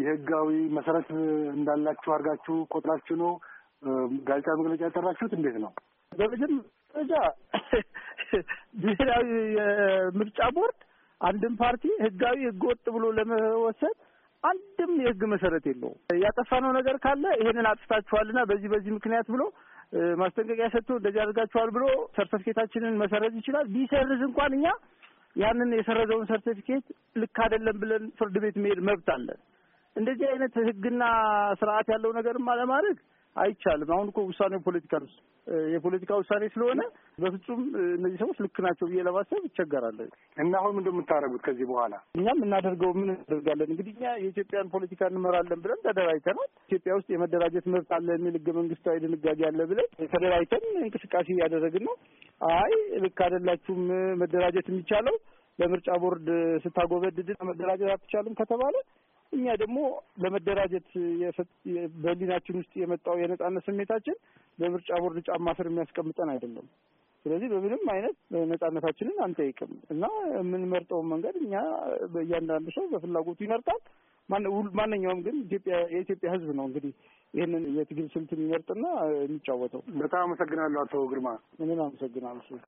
የህጋዊ መሰረት እንዳላችሁ አድርጋችሁ ቆጥራችሁ ነው ጋዜጣ መግለጫ ያጠራችሁት እንዴት ነው? በመጀመሪያ ደረጃ ብሔራዊ የምርጫ ቦርድ አንድም ፓርቲ ህጋዊ ወጥ ብሎ ለመወሰድ አንድም የህግ መሰረት የለውም። ያጠፋነው ነገር ካለ ይሄንን አጥፍታችኋልና በዚህ በዚህ ምክንያት ብሎ ማስጠንቀቂያ ሰጥቶ እንደዚህ አድርጋችኋል ብሎ ሰርተፊኬታችንን መሰረዝ ይችላል። ቢሰርዝ እንኳን እኛ ያንን የሰረዘውን ሰርተፊኬት ልክ አይደለም ብለን ፍርድ ቤት መሄድ መብት አለን። እንደዚህ አይነት ህግና ስርዓት ያለው ነገርም አለማድረግ አይቻልም። አሁን እኮ ውሳኔው ፖለቲካ ነው። የፖለቲካ ውሳኔ ስለሆነ በፍጹም እነዚህ ሰዎች ልክ ናቸው ብዬ ለማሰብ ይቸገራለሁ። እና አሁን ምንድ የምታደርጉት ከዚህ በኋላ? እኛም እናደርገው ምን እናደርጋለን? እንግዲህ እኛ የኢትዮጵያን ፖለቲካ እንመራለን ብለን ተደራጅተናል። ኢትዮጵያ ውስጥ የመደራጀት መብት አለ የሚል ህገ መንግስታዊ ድንጋጌ አለ ብለን ተደራጅተን እንቅስቃሴ እያደረግን ነው። አይ ልክ አይደላችሁም፣ መደራጀት የሚቻለው ለምርጫ ቦርድ ስታጎበድድ መደራጀት አትቻልም ከተባለ እኛ ደግሞ ለመደራጀት በህሊናችን ውስጥ የመጣው የነጻነት ስሜታችን በምርጫ ቦርድ ጫማ ስር የሚያስቀምጠን አይደለም። ስለዚህ በምንም አይነት ነጻነታችንን አንጠይቅም እና የምንመርጠውን መንገድ እኛ በእያንዳንዱ ሰው በፍላጎቱ ይመርጣል። ማንኛውም ግን ኢትዮጵያ የኢትዮጵያ ህዝብ ነው እንግዲህ ይህንን የትግል ስልት የሚመርጥና የሚጫወተው። በጣም አመሰግናለሁ አቶ ግርማ። እኔም አመሰግናለሁ።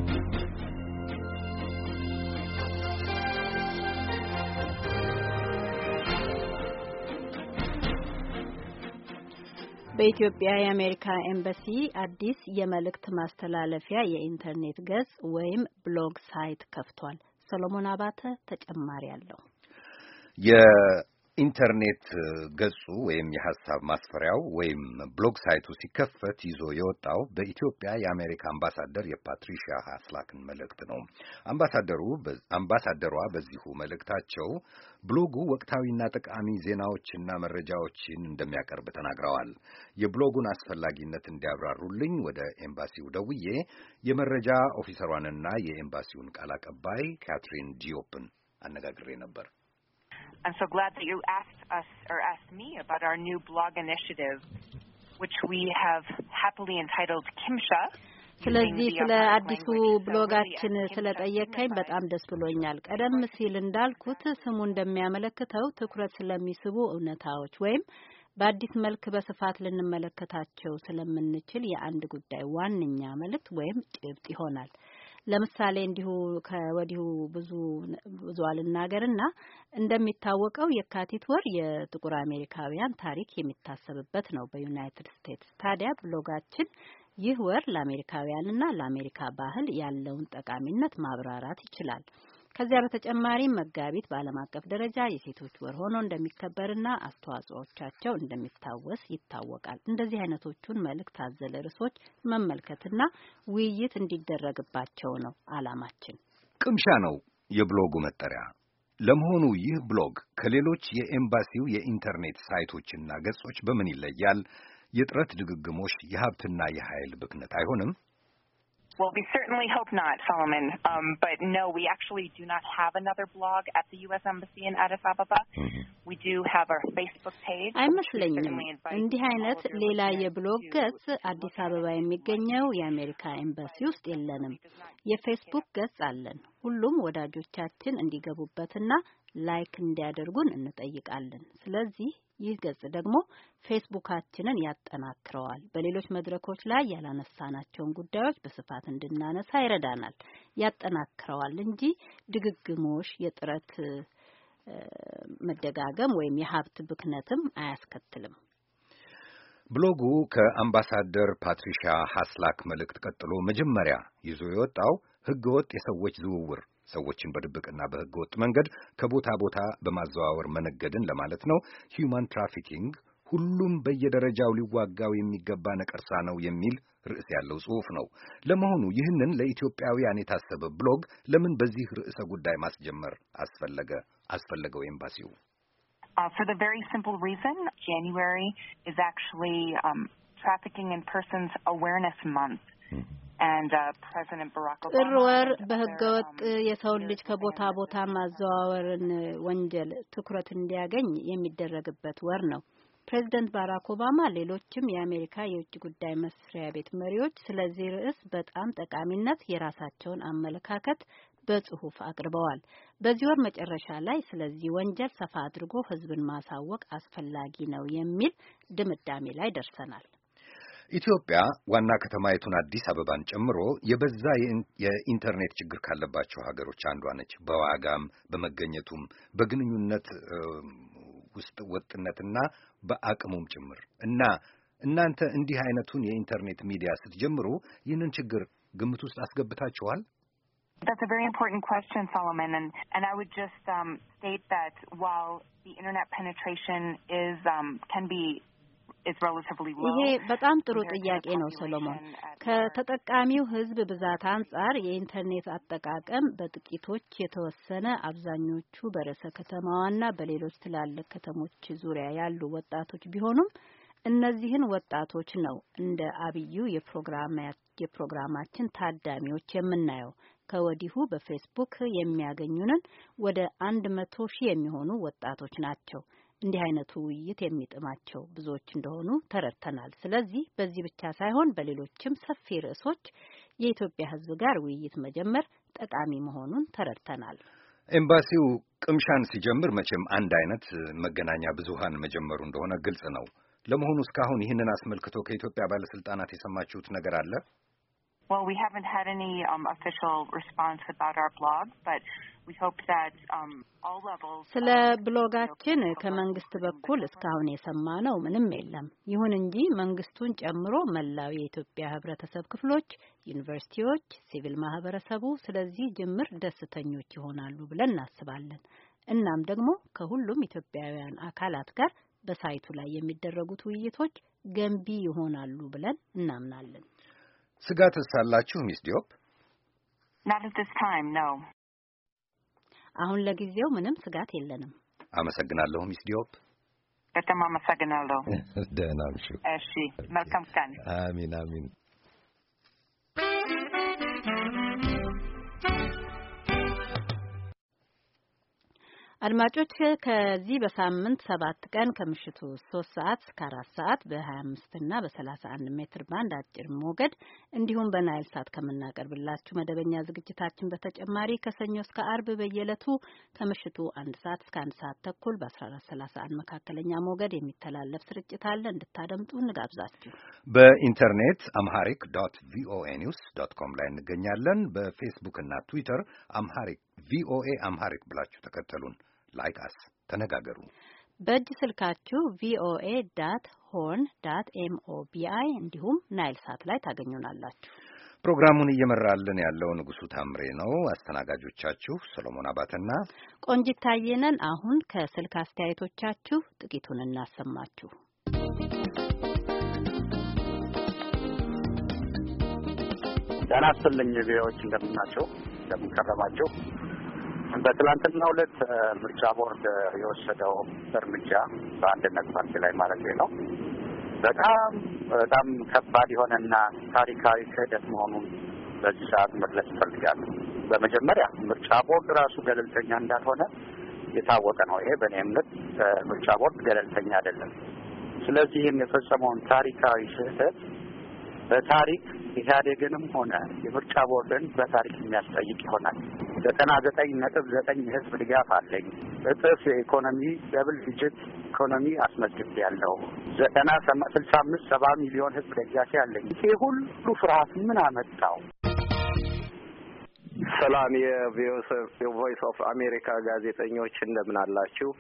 በኢትዮጵያ የአሜሪካ ኤምባሲ አዲስ የመልእክት ማስተላለፊያ የኢንተርኔት ገጽ ወይም ብሎግ ሳይት ከፍቷል። ሰሎሞን አባተ ተጨማሪ አለው። ኢንተርኔት ገጹ ወይም የሐሳብ ማስፈሪያው ወይም ብሎግ ሳይቱ ሲከፈት ይዞ የወጣው በኢትዮጵያ የአሜሪካ አምባሳደር የፓትሪሺያ አስላክን መልእክት ነው። አምባሳደሩ አምባሳደሯ በዚሁ መልእክታቸው ብሎጉ ወቅታዊና ጠቃሚ ዜናዎችና መረጃዎችን እንደሚያቀርብ ተናግረዋል። የብሎጉን አስፈላጊነት እንዲያብራሩልኝ ወደ ኤምባሲው ደውዬ የመረጃ ኦፊሰሯንና የኤምባሲውን ቃል አቀባይ ካትሪን ዲዮፕን አነጋግሬ ነበር። I'm so glad that you asked us or asked me about our new blog initiative, which we have happily entitled Kimsha. ስለዚህ ስለ አዲሱ ብሎጋችን ስለጠየቀኝ በጣም ደስ ብሎኛል። ቀደም ሲል እንዳልኩት ስሙ እንደሚያመለክተው ትኩረት ስለሚስቡ እውነታዎች ወይም በአዲስ መልክ በስፋት ልንመለከታቸው ስለምንችል የአንድ ጉዳይ ዋነኛ መልእክት ወይም ጭብጥ ይሆናል። ለምሳሌ እንዲሁ ከወዲሁ ብዙ ብዙ አልናገርና እንደሚታወቀው የካቲት ወር የጥቁር አሜሪካውያን ታሪክ የሚታሰብበት ነው በዩናይትድ ስቴትስ። ታዲያ ብሎጋችን ይህ ወር ለአሜሪካውያንና ለአሜሪካ ባህል ያለውን ጠቃሚነት ማብራራት ይችላል። ከዚያ በተጨማሪም መጋቢት በዓለም አቀፍ ደረጃ የሴቶች ወር ሆኖ እንደሚከበርና አስተዋጽኦቻቸው እንደሚታወስ ይታወቃል። እንደዚህ አይነቶቹን መልእክት አዘለ ርዕሶች መመልከትና ውይይት እንዲደረግባቸው ነው አላማችን። ቅምሻ ነው የብሎጉ መጠሪያ። ለመሆኑ ይህ ብሎግ ከሌሎች የኤምባሲው የኢንተርኔት ሳይቶችና ገጾች በምን ይለያል? የጥረት ድግግሞሽ የሀብትና የኃይል ብክነት አይሆንም? Well, we certainly hope not, Solomon. Um, but no, we actually do not have another blog at the U.S. Embassy in Addis Ababa. Mm-hmm. We do have our Facebook page. አይመስለኝም እንዲህ አይነት ሌላ የብሎግ ገጽ አዲስ አበባ የሚገኘው የአሜሪካ ኤምባሲ ውስጥ የለንም። የፌስቡክ ገጽ አለን። ሁሉም ወዳጆቻችን እንዲገቡበትና ላይክ እንዲያደርጉን እንጠይቃለን። ስለዚህ ይህ ገጽ ደግሞ ፌስቡካችንን ያጠናክረዋል። በሌሎች መድረኮች ላይ ያላነሳናቸውን ጉዳዮች በስፋት እንድናነሳ ይረዳናል፣ ያጠናክረዋል እንጂ ድግግሞሽ፣ የጥረት መደጋገም ወይም የሀብት ብክነትም አያስከትልም። ብሎጉ ከአምባሳደር ፓትሪሻ ሀስላክ መልእክት ቀጥሎ መጀመሪያ ይዞ የወጣው ሕገወጥ የሰዎች ዝውውር ሰዎችን በድብቅና በህገወጥ መንገድ ከቦታ ቦታ በማዘዋወር መነገድን ለማለት ነው። ሂዩማን ትራፊኪንግ ሁሉም በየደረጃው ሊዋጋው የሚገባ ነቀርሳ ነው የሚል ርዕስ ያለው ጽሑፍ ነው። ለመሆኑ ይህንን ለኢትዮጵያውያን የታሰበ ብሎግ ለምን በዚህ ርዕሰ ጉዳይ ማስጀመር አስፈለገ አስፈለገው ኤምባሲው? Uh, for the very simple reason January is actually um, Trafficking in Persons Awareness Month. Mm-hmm. ጥር uh, ወር በህገወጥ um, የሰው ልጅ ከቦታ ቦታ ማዘዋወርን ወንጀል ትኩረት እንዲያገኝ የሚደረግበት ወር ነው። ፕሬዚደንት ባራክ ኦባማ፣ ሌሎችም የአሜሪካ የውጭ ጉዳይ መስሪያ ቤት መሪዎች ስለዚህ ርዕስ በጣም ጠቃሚነት የራሳቸውን አመለካከት በጽሁፍ አቅርበዋል። በዚህ ወር መጨረሻ ላይ ስለዚህ ወንጀል ሰፋ አድርጎ ህዝብን ማሳወቅ አስፈላጊ ነው የሚል ድምዳሜ ላይ ደርሰናል። ኢትዮጵያ ዋና ከተማይቱን አዲስ አበባን ጨምሮ የበዛ የኢንተርኔት ችግር ካለባቸው ሀገሮች አንዷ ነች። በዋጋም በመገኘቱም በግንኙነት ውስጥ ወጥነትና በአቅሙም ጭምር እና እናንተ እንዲህ አይነቱን የኢንተርኔት ሚዲያ ስትጀምሩ ይህንን ችግር ግምት ውስጥ አስገብታችኋል? That's a very important question, Solomon, and, and I would just um, state that while the internet penetration is um, can be ይሄ በጣም ጥሩ ጥያቄ ነው ሰሎሞን። ከተጠቃሚው ሕዝብ ብዛት አንጻር የኢንተርኔት አጠቃቀም በጥቂቶች የተወሰነ፣ አብዛኞቹ በርዕሰ ከተማዋና በሌሎች ትላልቅ ከተሞች ዙሪያ ያሉ ወጣቶች ቢሆኑም እነዚህን ወጣቶች ነው እንደ አብዩ የፕሮግራማችን ታዳሚዎች የምናየው። ከወዲሁ በፌስቡክ የሚያገኙንን ወደ አንድ መቶ ሺህ የሚሆኑ ወጣቶች ናቸው። እንዲህ አይነቱ ውይይት የሚጥማቸው ብዙዎች እንደሆኑ ተረድተናል። ስለዚህ በዚህ ብቻ ሳይሆን በሌሎችም ሰፊ ርዕሶች የኢትዮጵያ ሕዝብ ጋር ውይይት መጀመር ጠቃሚ መሆኑን ተረድተናል። ኤምባሲው ቅምሻን ሲጀምር መቼም አንድ አይነት መገናኛ ብዙሃን መጀመሩ እንደሆነ ግልጽ ነው። ለመሆኑ እስካሁን ይህንን አስመልክቶ ከኢትዮጵያ ባለስልጣናት የሰማችሁት ነገር አለ? Well, we haven't had any um, official response about our blog, but we hope that um, all levels. ስለ ብሎጋችን ከመንግስት በኩል እስካሁን የሰማነው ምንም የለም። ይሁን እንጂ መንግስቱን ጨምሮ መላው የኢትዮጵያ ህብረተሰብ ክፍሎች፣ ዩኒቨርሲቲዎች፣ ሲቪል ማህበረሰቡ ስለዚህ ጅምር ደስተኞች ይሆናሉ ብለን እናስባለን። እናም ደግሞ ከሁሉም ኢትዮጵያውያን አካላት ጋር በሳይቱ ላይ የሚደረጉት ውይይቶች ገንቢ ይሆናሉ ብለን እናምናለን። ስጋትስ አላችሁ ሚስ ዲዮፕ? አሁን ለጊዜው ምንም ስጋት የለንም። አመሰግናለሁ ሚስ ዲዮፕ። በጣም አመሰግናለሁ። ደህና እሺ፣ መልካም ቀን። አሚን አሚን። አድማጮች ከዚህ በሳምንት ሰባት ቀን ከምሽቱ ሶስት ሰዓት እስከ አራት ሰዓት በሀያ አምስት ና በሰላሳ አንድ ሜትር ባንድ አጭር ሞገድ እንዲሁም በናይል ሳት ከምናቀርብላችሁ መደበኛ ዝግጅታችን በተጨማሪ ከሰኞ እስከ አርብ በየዕለቱ ከምሽቱ አንድ ሰዓት እስከ አንድ ሰዓት ተኩል በአስራ አራት ሰላሳ አንድ መካከለኛ ሞገድ የሚተላለፍ ስርጭት አለ። እንድታደምጡ እንጋብዛችሁ። በኢንተርኔት አምሃሪክ ዶት ቪኦኤ ኒውስ ዶት ኮም ላይ እንገኛለን። በፌስቡክ እና ትዊተር አምሃሪክ ቪኦኤ አምሃሪክ ብላችሁ ተከተሉን። ላይክ አስ ተነጋገሩ። በእጅ ስልካችሁ ቪኦኤ ዳት ሆን ዳት ኤምኦቢአይ እንዲሁም ናይል ሳት ላይ ታገኙናላችሁ። ፕሮግራሙን እየመራልን ያለው ንጉሱ ታምሬ ነው። አስተናጋጆቻችሁ ሰሎሞን አባተና ቆንጅት ታየነን። አሁን ከስልክ አስተያየቶቻችሁ ጥቂቱን እናሰማችሁ። ደህና ቪዎች እንደምናቸው እንደምንከረማቸው በትላንትና ሁለት ምርጫ ቦርድ የወሰደው እርምጃ በአንድነት ፓርቲ ላይ ማለት ነው በጣም በጣም ከባድ የሆነና ታሪካዊ ክህደት መሆኑን በዚህ ሰዓት መግለጽ እፈልጋለሁ። በመጀመሪያ ምርጫ ቦርድ ራሱ ገለልተኛ እንዳልሆነ የታወቀ ነው። ይሄ በእኔ እምነት ምርጫ ቦርድ ገለልተኛ አይደለም። ስለዚህም የፈጸመውን ታሪካዊ ስህተት በታሪክ ኢህአዴግንም ሆነ የምርጫ ቦርድን በታሪክ የሚያስጠይቅ ይሆናል። ዘጠና ዘጠኝ ነጥብ ዘጠኝ የህዝብ ድጋፍ አለኝ። እጥፍ የኢኮኖሚ ደብል ዲጂት ኢኮኖሚ አስመዝግብ ያለው ዘጠና ስልሳ አምስት ሰባ ሚሊዮን ህዝብ ደጋፊ አለኝ። ይሄ ሁሉ ፍርሃት ምን አመጣው? ሰላም የቮይስ ኦፍ አሜሪካ ጋዜጠኞች እንደምን አላችሁ?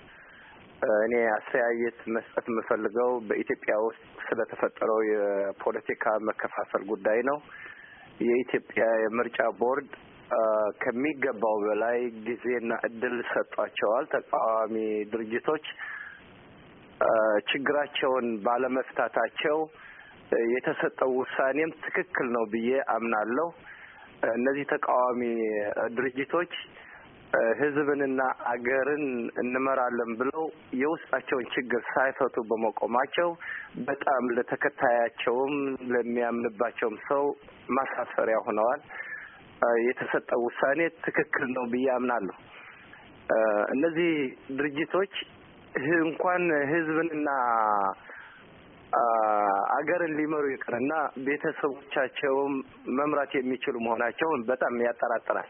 እኔ አስተያየት መስጠት የምፈልገው በኢትዮጵያ ውስጥ ስለተፈጠረው የፖለቲካ መከፋፈል ጉዳይ ነው። የኢትዮጵያ የምርጫ ቦርድ ከሚገባው በላይ ጊዜና እድል ሰጧቸዋል። ተቃዋሚ ድርጅቶች ችግራቸውን ባለመፍታታቸው የተሰጠው ውሳኔም ትክክል ነው ብዬ አምናለሁ። እነዚህ ተቃዋሚ ድርጅቶች ህዝብንና አገርን እንመራለን ብለው የውስጣቸውን ችግር ሳይፈቱ በመቆማቸው በጣም ለተከታያቸውም ለሚያምንባቸውም ሰው ማሳፈሪያ ሆነዋል። የተሰጠው ውሳኔ ትክክል ነው ብዬ አምናለሁ። እነዚህ ድርጅቶች እንኳን ህዝብንና አገርን ሊመሩ ይቅርና ቤተሰቦቻቸውም መምራት የሚችሉ መሆናቸውን በጣም ያጠራጥራል።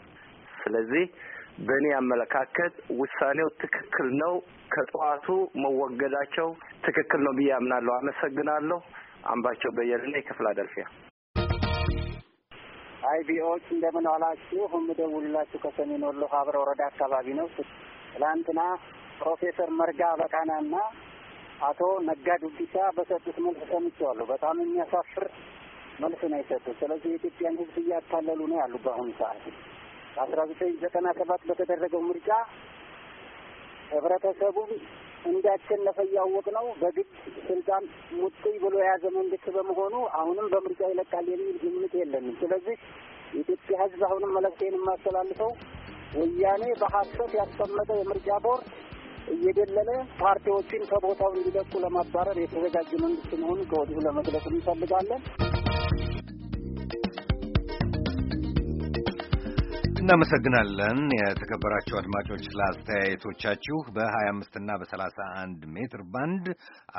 ስለዚህ በእኔ አመለካከት ውሳኔው ትክክል ነው። ከጠዋቱ መወገዳቸው ትክክል ነው ብዬ አምናለሁ። አመሰግናለሁ። አምባቸው በየነ ከፊላደልፊያ አይቢኦች እንደምን ዋላችሁ? የምደውልላችሁ ከሰሜን ወሎ ሀብረ ወረዳ አካባቢ ነው። ትላንትና ፕሮፌሰር መርጋ በቃናና አቶ ነጋ ዱቢሳ በሰጡት መልስ ሰምቼዋለሁ። በጣም የሚያሳፍር መልስ ነው የሰጡት። ስለዚህ የኢትዮጵያን ሕዝብ እያታለሉ ነው ያሉ በአሁኑ ሰዓት በአስራ ዘጠኝ ዘጠና ሰባት በተደረገው ምርጫ ህብረተሰቡ እንዳሸነፈ እያወቅ ነው በግድ ስልጣን ሙጥኝ ብሎ የያዘ መንግስት በመሆኑ አሁንም በምርጫ ይለቃል የሚል ግምት የለንም። ስለዚህ የኢትዮጵያ ሕዝብ አሁንም መልእክቴን የማስተላልፈው ወያኔ በሀሰት ያስቀመጠ የምርጫ ቦርድ እየደለለ ፓርቲዎችን ከቦታው እንዲለቁ ለማባረር የተዘጋጀ መንግስት መሆኑ ከወዲሁ ለመግለጽ እንፈልጋለን። እናመሰግናለን። የተከበራችሁ አድማጮች ለአስተያየቶቻችሁ በ25 እና በ31 ሜትር ባንድ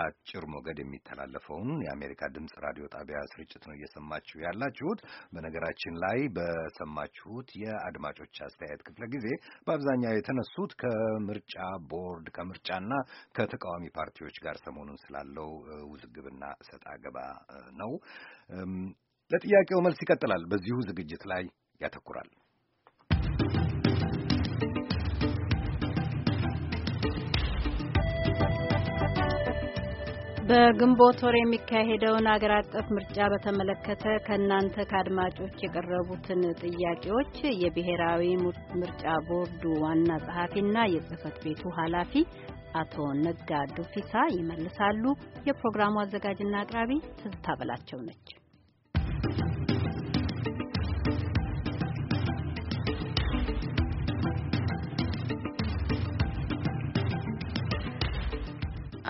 አጭር ሞገድ የሚተላለፈውን የአሜሪካ ድምፅ ራዲዮ ጣቢያ ስርጭት ነው እየሰማችሁ ያላችሁት። በነገራችን ላይ በሰማችሁት የአድማጮች አስተያየት ክፍለ ጊዜ በአብዛኛው የተነሱት ከምርጫ ቦርድ ከምርጫና ከተቃዋሚ ፓርቲዎች ጋር ሰሞኑን ስላለው ውዝግብና ሰጣ አገባ ነው። ለጥያቄው መልስ ይቀጥላል። በዚሁ ዝግጅት ላይ ያተኩራል። በግንቦት ወር የሚካሄደውን አገር አቀፍ ምርጫ በተመለከተ ከእናንተ ከአድማጮች የቀረቡትን ጥያቄዎች የብሔራዊ ምርጫ ቦርዱ ዋና ጸሐፊና የጽህፈት ቤቱ ኃላፊ አቶ ነጋ ዱፊሳ ይመልሳሉ። የፕሮግራሙ አዘጋጅና አቅራቢ ትዝታ በላቸው ነች።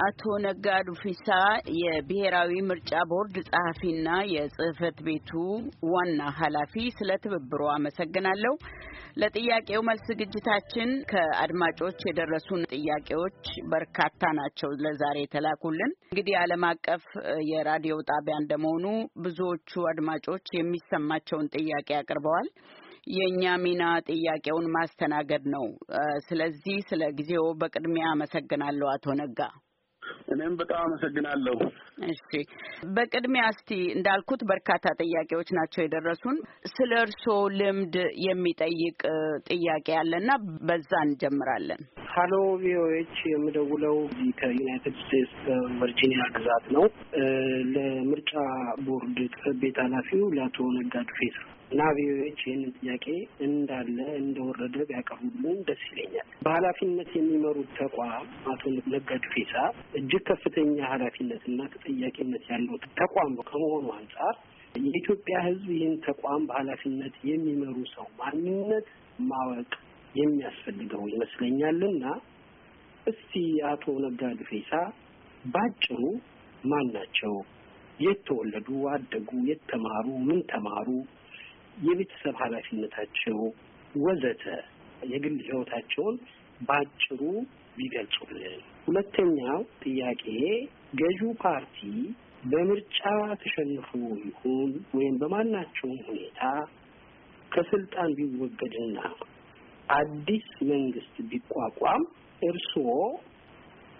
አቶ ነጋ ዱፊሳ የብሔራዊ ምርጫ ቦርድ ጸሐፊና የጽህፈት ቤቱ ዋና ኃላፊ ስለ ትብብሮ አመሰግናለሁ። ለጥያቄው መልስ ዝግጅታችን ከአድማጮች የደረሱን ጥያቄዎች በርካታ ናቸው። ለዛሬ የተላኩልን እንግዲህ ዓለም አቀፍ የራዲዮ ጣቢያ እንደመሆኑ ብዙዎቹ አድማጮች የሚሰማቸውን ጥያቄ አቅርበዋል። የእኛ ሚና ጥያቄውን ማስተናገድ ነው። ስለዚህ ስለ ጊዜው በቅድሚያ አመሰግናለሁ አቶ ነጋ። እኔም በጣም አመሰግናለሁ። እሺ፣ በቅድሚያ እስቲ እንዳልኩት በርካታ ጥያቄዎች ናቸው የደረሱን። ስለ እርስዎ ልምድ የሚጠይቅ ጥያቄ አለና በዛ እንጀምራለን። ሀሎ ቪኦኤች፣ የምደውለው ከዩናይትድ ስቴትስ ቨርጂኒያ ግዛት ነው። ለምርጫ ቦርድ ቤት ኃላፊው ለአቶ ነጋ ፌስ እና ቪኦኤዎች ይህንን ጥያቄ እንዳለ እንደወረደ ቢያቀርቡልን ደስ ይለኛል። በኃላፊነት የሚመሩት ተቋም አቶ ነጋ ዱፌሳ እጅግ ከፍተኛ እና ተጠያቂነት ያለው ተቋም ከመሆኑ አንጻር የኢትዮጵያ ሕዝብ ይህን ተቋም በኃላፊነት የሚመሩ ሰው ማንነት ማወቅ የሚያስፈልገው ይመስለኛልና እስቲ አቶ ነጋ ዱፌሳ ባጭሩ ማን ናቸው? የት ተወለዱ፣ አደጉ፣ የት ተማሩ፣ ምን ተማሩ የቤተሰብ ኃላፊነታቸው ወዘተ የግል ህይወታቸውን በአጭሩ ቢገልጹልን። ሁለተኛው ጥያቄ ገዢው ፓርቲ በምርጫ ተሸንፎ ይሁን ወይም በማናቸውም ሁኔታ ከስልጣን ቢወገድና አዲስ መንግስት ቢቋቋም እርስዎ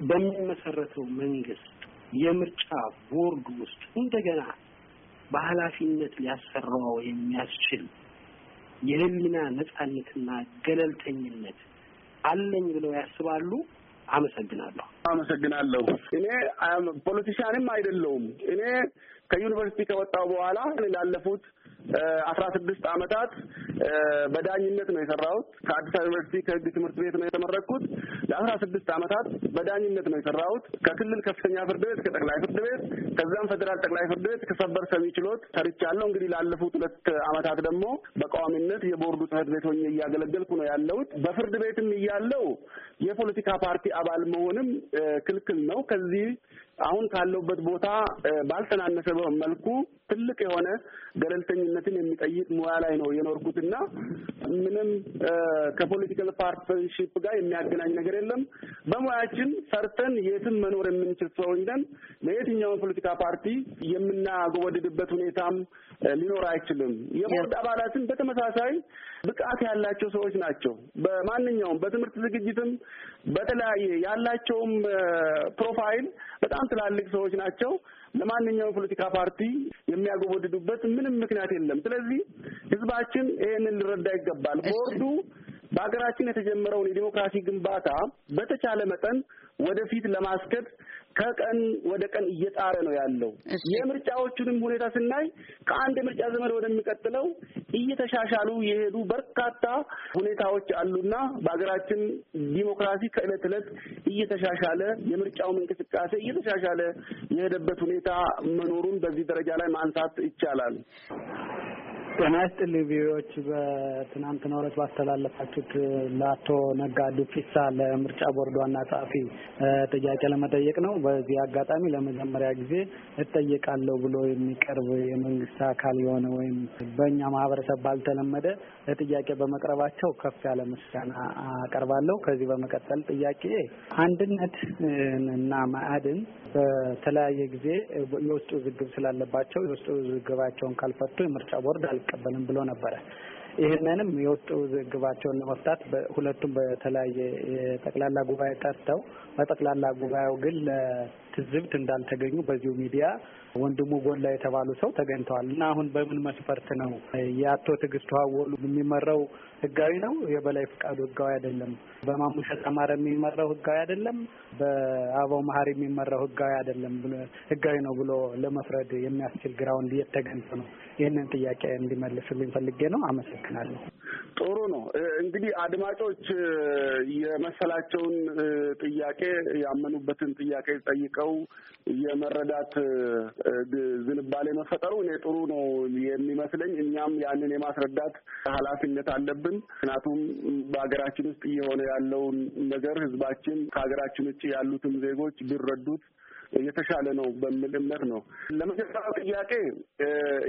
በሚመሰረተው መንግስት የምርጫ ቦርድ ውስጥ እንደገና በኃላፊነት ሊያሰራው የሚያስችል የህሊና ነጻነትና ገለልተኝነት አለኝ ብለው ያስባሉ? አመሰግናለሁ። አመሰግናለሁ። እኔ ፖለቲሻንም አይደለውም እኔ ከዩኒቨርሲቲ ከወጣው በኋላ ላለፉት አስራ ስድስት ዓመታት በዳኝነት ነው የሰራሁት። ከአዲስ አበባ ዩኒቨርሲቲ ከህግ ትምህርት ቤት ነው የተመረኩት። ለአስራ ስድስት ዓመታት በዳኝነት ነው የሰራሁት። ከክልል ከፍተኛ ፍርድ ቤት፣ ከጠቅላይ ፍርድ ቤት፣ ከዛም ፌዴራል ጠቅላይ ፍርድ ቤት ከሰበር ሰሚ ችሎት ሰርቻለሁ። እንግዲህ ላለፉት ሁለት አመታት ደግሞ በቋሚነት የቦርዱ ጽህፈት ቤት ሆኜ እያገለገልኩ ነው ያለሁት። በፍርድ ቤትም እያለው የፖለቲካ ፓርቲ አባል መሆንም ክልክል ነው። ከዚህ አሁን ካለውበት ቦታ ባልተናነሰ መልኩ ትልቅ የሆነ ገለልተኝነትን የሚጠይቅ ሙያ ላይ ነው የኖርኩትና ምንም ከፖለቲካል ፓርትነርሺፕ ጋር የሚያገናኝ ነገር የለም። በሙያችን ሰርተን የትም መኖር የምንችል ሰው ነን። ለየትኛውን ፖለቲካ ፓርቲ የምናጎበድድበት ሁኔታም ሊኖር አይችልም። የቦርድ አባላትን በተመሳሳይ ብቃት ያላቸው ሰዎች ናቸው። በማንኛውም በትምህርት ዝግጅትም በተለያየ ያላቸውም ፕሮፋይል በጣም ትላልቅ ሰዎች ናቸው። ለማንኛውም ፖለቲካ ፓርቲ የሚያጎበድዱበት ምንም ምክንያት የለም። ስለዚህ ህዝባችን ይህንን ሊረዳ ይገባል። ቦርዱ በሀገራችን የተጀመረውን የዲሞክራሲ ግንባታ በተቻለ መጠን ወደፊት ለማስከት ከቀን ወደ ቀን እየጣረ ነው ያለው። የምርጫዎቹንም ሁኔታ ስናይ ከአንድ የምርጫ ዘመን ወደሚቀጥለው እየተሻሻሉ የሄዱ በርካታ ሁኔታዎች አሉና በሀገራችን ዲሞክራሲ ከእለት እለት እየተሻሻለ የምርጫውም እንቅስቃሴ እየተሻሻለ የሄደበት ሁኔታ መኖሩን በዚህ ደረጃ ላይ ማንሳት ይቻላል። ጤና ይስጥልኝ ቪኦኤዎች በትናንትናው ዕለት ባስተላለፋችሁት ለአቶ ነጋ ዱፊሳ ለምርጫ ቦርድ ዋና ጸሐፊ ጥያቄ ለመጠየቅ ነው። በዚህ አጋጣሚ ለመጀመሪያ ጊዜ እጠየቃለሁ ብሎ የሚቀርብ የመንግስት አካል የሆነ ወይም በእኛ ማህበረሰብ ባልተለመደ ለጥያቄ በመቅረባቸው ከፍ ያለ ምስጋና አቀርባለሁ። ከዚህ በመቀጠል ጥያቄ አንድነት እና ማዕድን በተለያየ ጊዜ የውስጥ ውዝግብ ስላለባቸው የውስጥ ውዝግባቸውን ካልፈቱ የምርጫ ቦርድ አይቀበልም ብሎ ነበረ። ይህንንም የወጡ ግባቸውን ለመፍታት ሁለቱም በተለያየ የጠቅላላ ጉባኤ ጠርተው በጠቅላላ ጉባኤው ግን ለትዝብት እንዳልተገኙ በዚሁ ሚዲያ ወንድሙ ጎላ የተባሉ ሰው ተገኝተዋል እና አሁን በምን መስፈርት ነው የአቶ ትዕግስቱ አወሉ የሚመራው ህጋዊ ነው? የበላይ ፈቃዱ ህጋዊ አይደለም። በማሙሸ አማረ የሚመራው ህጋዊ አይደለም። በአበባው መሀሪ የሚመራው ህጋዊ አይደለም ህጋዊ ነው ብሎ ለመፍረድ የሚያስችል ግራውንድ የት ተገኝቶ ነው? ይህንን ጥያቄ እንዲመልስልኝ ፈልጌ ነው። አመሰግናለሁ። ጥሩ ነው እንግዲህ አድማጮች የመሰላቸውን ጥያቄ ያመኑበትን ጥያቄ ጠይቀው የመረዳት ዝንባሌ መፈጠሩ እኔ ጥሩ ነው የሚመስለኝ። እኛም ያንን የማስረዳት ኃላፊነት አለብን። ምክንያቱም በሀገራችን ውስጥ እየሆነ ያለውን ነገር ህዝባችን ከሀገራችን ውጭ ያሉትም ዜጎች ቢረዱት የተሻለ ነው በሚል እምነት ነው። ለመጀመሪያው ጥያቄ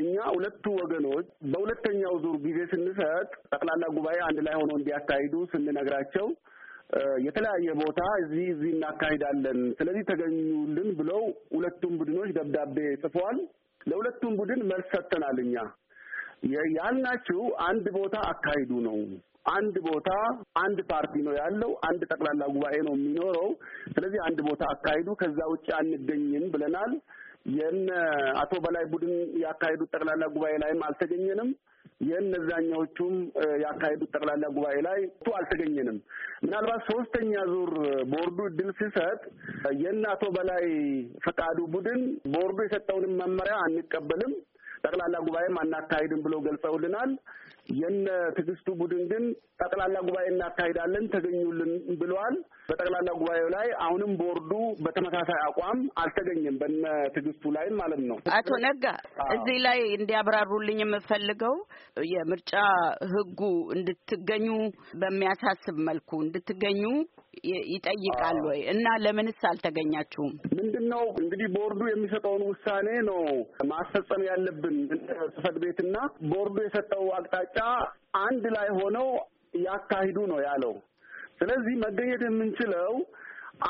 እኛ ሁለቱ ወገኖች በሁለተኛው ዙር ጊዜ ስንሰጥ ጠቅላላ ጉባኤ አንድ ላይ ሆኖ እንዲያካሂዱ ስንነግራቸው የተለያየ ቦታ እዚህ እዚህ እናካሂዳለን፣ ስለዚህ ተገኙልን ብለው ሁለቱም ቡድኖች ደብዳቤ ጽፈዋል። ለሁለቱም ቡድን መልስ ሰጥተናል። እኛ ያልናችሁ አንድ ቦታ አካሂዱ ነው። አንድ ቦታ አንድ ፓርቲ ነው ያለው፣ አንድ ጠቅላላ ጉባኤ ነው የሚኖረው። ስለዚህ አንድ ቦታ አካሂዱ፣ ከዛ ውጭ አንገኝም ብለናል። የነ አቶ በላይ ቡድን ያካሄዱት ጠቅላላ ጉባኤ ላይም አልተገኘንም። የነዛኛዎቹም ያካሄዱት ጠቅላላ ጉባኤ ላይ አልተገኘንም። ምናልባት ሶስተኛ ዙር ቦርዱ እድል ሲሰጥ የእነ አቶ በላይ ፈቃዱ ቡድን ቦርዱ የሰጠውንም መመሪያ አንቀበልም ጠቅላላ ጉባኤም አናካሂድም ብሎ ገልጸውልናል። የነ ትዕግስቱ ቡድን ግን ጠቅላላ ጉባኤ እናካሂዳለን ተገኙልን ብለዋል። በጠቅላላ ጉባኤው ላይ አሁንም ቦርዱ በተመሳሳይ አቋም አልተገኘም፣ በነ ትዕግስቱ ላይም ማለት ነው። አቶ ነጋ እዚህ ላይ እንዲያብራሩልኝ የምፈልገው የምርጫ ሕጉ እንድትገኙ በሚያሳስብ መልኩ እንድትገኙ ይጠይቃል ወይ እና ለምንስ አልተገኛችሁም? ምንድን ነው እንግዲህ ቦርዱ የሚሰጠውን ውሳኔ ነው ማስፈጸም ያለብን። ጽህፈት ቤትና ቦርዱ የሰጠው አቅጣጫ አንድ ላይ ሆነው ያካሂዱ ነው ያለው። ስለዚህ መገኘት የምንችለው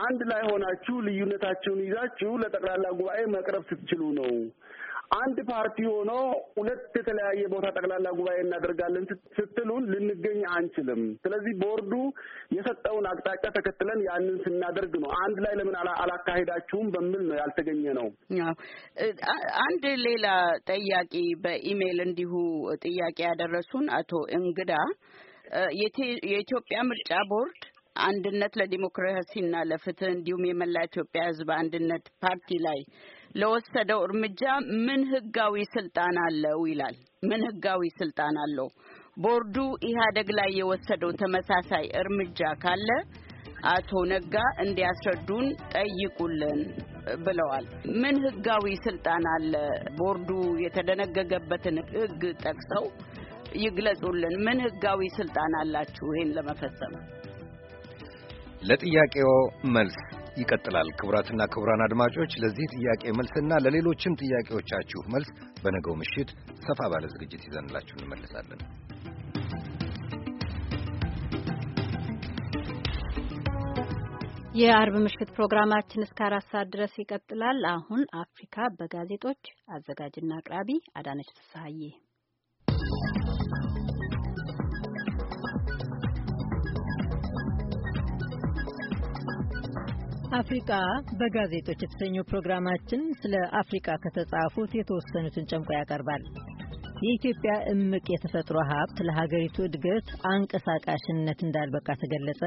አንድ ላይ ሆናችሁ ልዩነታችሁን ይዛችሁ ለጠቅላላ ጉባኤ መቅረብ ስትችሉ ነው። አንድ ፓርቲ ሆኖ ሁለት የተለያየ ቦታ ጠቅላላ ጉባኤ እናደርጋለን ስትሉን ልንገኝ አንችልም። ስለዚህ ቦርዱ የሰጠውን አቅጣጫ ተከትለን ያንን ስናደርግ ነው። አንድ ላይ ለምን አላካሄዳችሁም በሚል ነው ያልተገኘ ነው። አንድ ሌላ ጠያቂ በኢሜይል እንዲሁ ጥያቄ ያደረሱን አቶ እንግዳ የኢትዮጵያ ምርጫ ቦርድ አንድነት ለዲሞክራሲና ለፍትህ እንዲሁም የመላ ኢትዮጵያ ሕዝብ አንድነት ፓርቲ ላይ ለወሰደው እርምጃ ምን ህጋዊ ስልጣን አለው ይላል። ምን ህጋዊ ስልጣን አለው? ቦርዱ ኢህአደግ ላይ የወሰደው ተመሳሳይ እርምጃ ካለ አቶ ነጋ እንዲያስረዱን ጠይቁልን ብለዋል። ምን ህጋዊ ስልጣን አለ? ቦርዱ የተደነገገበትን ህግ ጠቅሰው ይግለጹልን። ምን ህጋዊ ስልጣን አላችሁ ይህን ለመፈጸም? ለጥያቄው መልስ ይቀጥላል። ክቡራትና ክቡራን አድማጮች ለዚህ ጥያቄ መልስና ለሌሎችም ጥያቄዎቻችሁ መልስ በነገው ምሽት ሰፋ ባለ ዝግጅት ይዘንላችሁ እንመልሳለን። የአርብ ምሽት ፕሮግራማችን እስከ አራት ሰዓት ድረስ ይቀጥላል። አሁን አፍሪካ በጋዜጦች አዘጋጅና አቅራቢ አዳነች ፍስሀዬ አፍሪካ በጋዜጦች የተሰኘው ፕሮግራማችን ስለ አፍሪካ ከተጻፉት የተወሰኑትን ጨምቆ ያቀርባል። የኢትዮጵያ እምቅ የተፈጥሮ ሀብት ለሀገሪቱ እድገት አንቀሳቃሽነት እንዳልበቃ ተገለጸ፣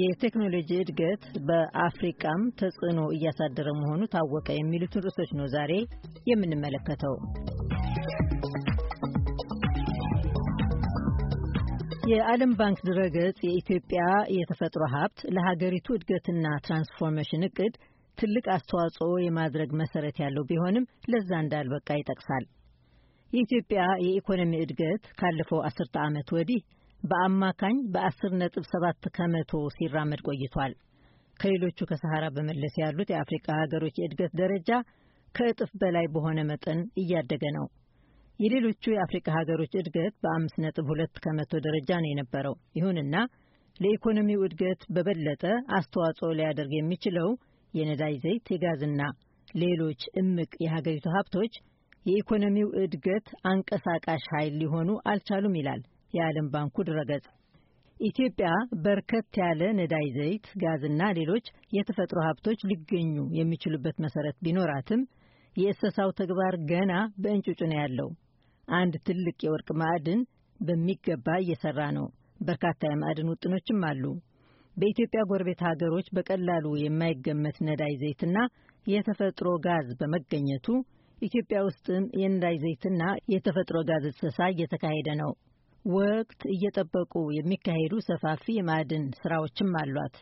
የቴክኖሎጂ እድገት በአፍሪቃም ተጽዕኖ እያሳደረ መሆኑ ታወቀ፣ የሚሉትን ርዕሶች ነው ዛሬ የምንመለከተው። የዓለም ባንክ ድረገጽ የኢትዮጵያ የተፈጥሮ ሀብት ለሀገሪቱ እድገትና ትራንስፎርሜሽን እቅድ ትልቅ አስተዋጽኦ የማድረግ መሰረት ያለው ቢሆንም ለዛ እንዳልበቃ ይጠቅሳል። የኢትዮጵያ የኢኮኖሚ እድገት ካለፈው አስርተ ዓመት ወዲህ በአማካኝ በአስር ነጥብ ሰባት ከመቶ ሲራመድ ቆይቷል። ከሌሎቹ ከሰሃራ በመለስ ያሉት የአፍሪካ ሀገሮች የእድገት ደረጃ ከእጥፍ በላይ በሆነ መጠን እያደገ ነው። የሌሎቹ የአፍሪካ ሀገሮች እድገት ነጥብ ሁለት ከመቶ ደረጃ ነው የነበረው። ይሁንና ለኢኮኖሚው እድገት በበለጠ አስተዋጽኦ ሊያደርግ የሚችለው የነዳጅ ዘይት፣ የጋዝና ሌሎች እምቅ የሀገሪቱ ሀብቶች የኢኮኖሚው እድገት አንቀሳቃሽ ኃይል ሊሆኑ አልቻሉም ይላል የዓለም ባንኩ ድረገጽ። ኢትዮጵያ በርከት ያለ ነዳጅ ዘይት፣ ጋዝና ሌሎች የተፈጥሮ ሀብቶች ሊገኙ የሚችሉበት መሰረት ቢኖራትም የእሰሳው ተግባር ገና በእንጭጩ ነው ያለው። አንድ ትልቅ የወርቅ ማዕድን በሚገባ እየሰራ ነው። በርካታ የማዕድን ውጥኖችም አሉ። በኢትዮጵያ ጎረቤት ሀገሮች በቀላሉ የማይገመት ነዳይ ዘይትና የተፈጥሮ ጋዝ በመገኘቱ ኢትዮጵያ ውስጥም የነዳይ ዘይትና የተፈጥሮ ጋዝ እሰሳ እየተካሄደ ነው። ወቅት እየጠበቁ የሚካሄዱ ሰፋፊ የማዕድን ስራዎችም አሏት።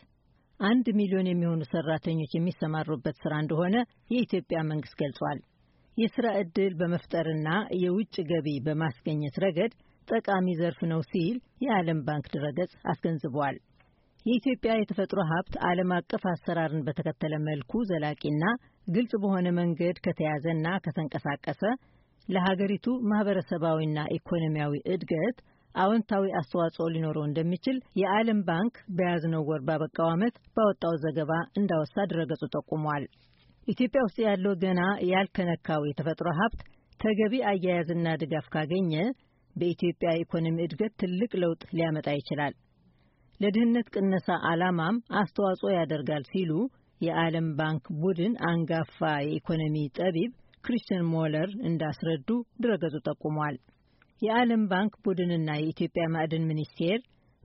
አንድ ሚሊዮን የሚሆኑ ሰራተኞች የሚሰማሩበት ስራ እንደሆነ የኢትዮጵያ መንግስት ገልጿል። የሥራ ዕድል በመፍጠርና የውጭ ገቢ በማስገኘት ረገድ ጠቃሚ ዘርፍ ነው ሲል የዓለም ባንክ ድረገጽ አስገንዝቧል። የኢትዮጵያ የተፈጥሮ ሀብት ዓለም አቀፍ አሰራርን በተከተለ መልኩ ዘላቂና ግልጽ በሆነ መንገድ ከተያዘና ከተንቀሳቀሰ ለሀገሪቱ ማህበረሰባዊና ኢኮኖሚያዊ እድገት አዎንታዊ አስተዋጽኦ ሊኖረው እንደሚችል የዓለም ባንክ በያዝነው ወር ባበቃው ዓመት ባወጣው ዘገባ እንዳወሳ ድረገጹ ጠቁሟል። ኢትዮጵያ ውስጥ ያለው ገና ያልተነካው የተፈጥሮ ሀብት ተገቢ አያያዝና ድጋፍ ካገኘ በኢትዮጵያ የኢኮኖሚ እድገት ትልቅ ለውጥ ሊያመጣ ይችላል፣ ለድህነት ቅነሳ ዓላማም አስተዋጽኦ ያደርጋል ሲሉ የዓለም ባንክ ቡድን አንጋፋ የኢኮኖሚ ጠቢብ ክሪስቲን ሞለር እንዳስረዱ ድረገጹ ጠቁሟል። የዓለም ባንክ ቡድንና የኢትዮጵያ ማዕድን ሚኒስቴር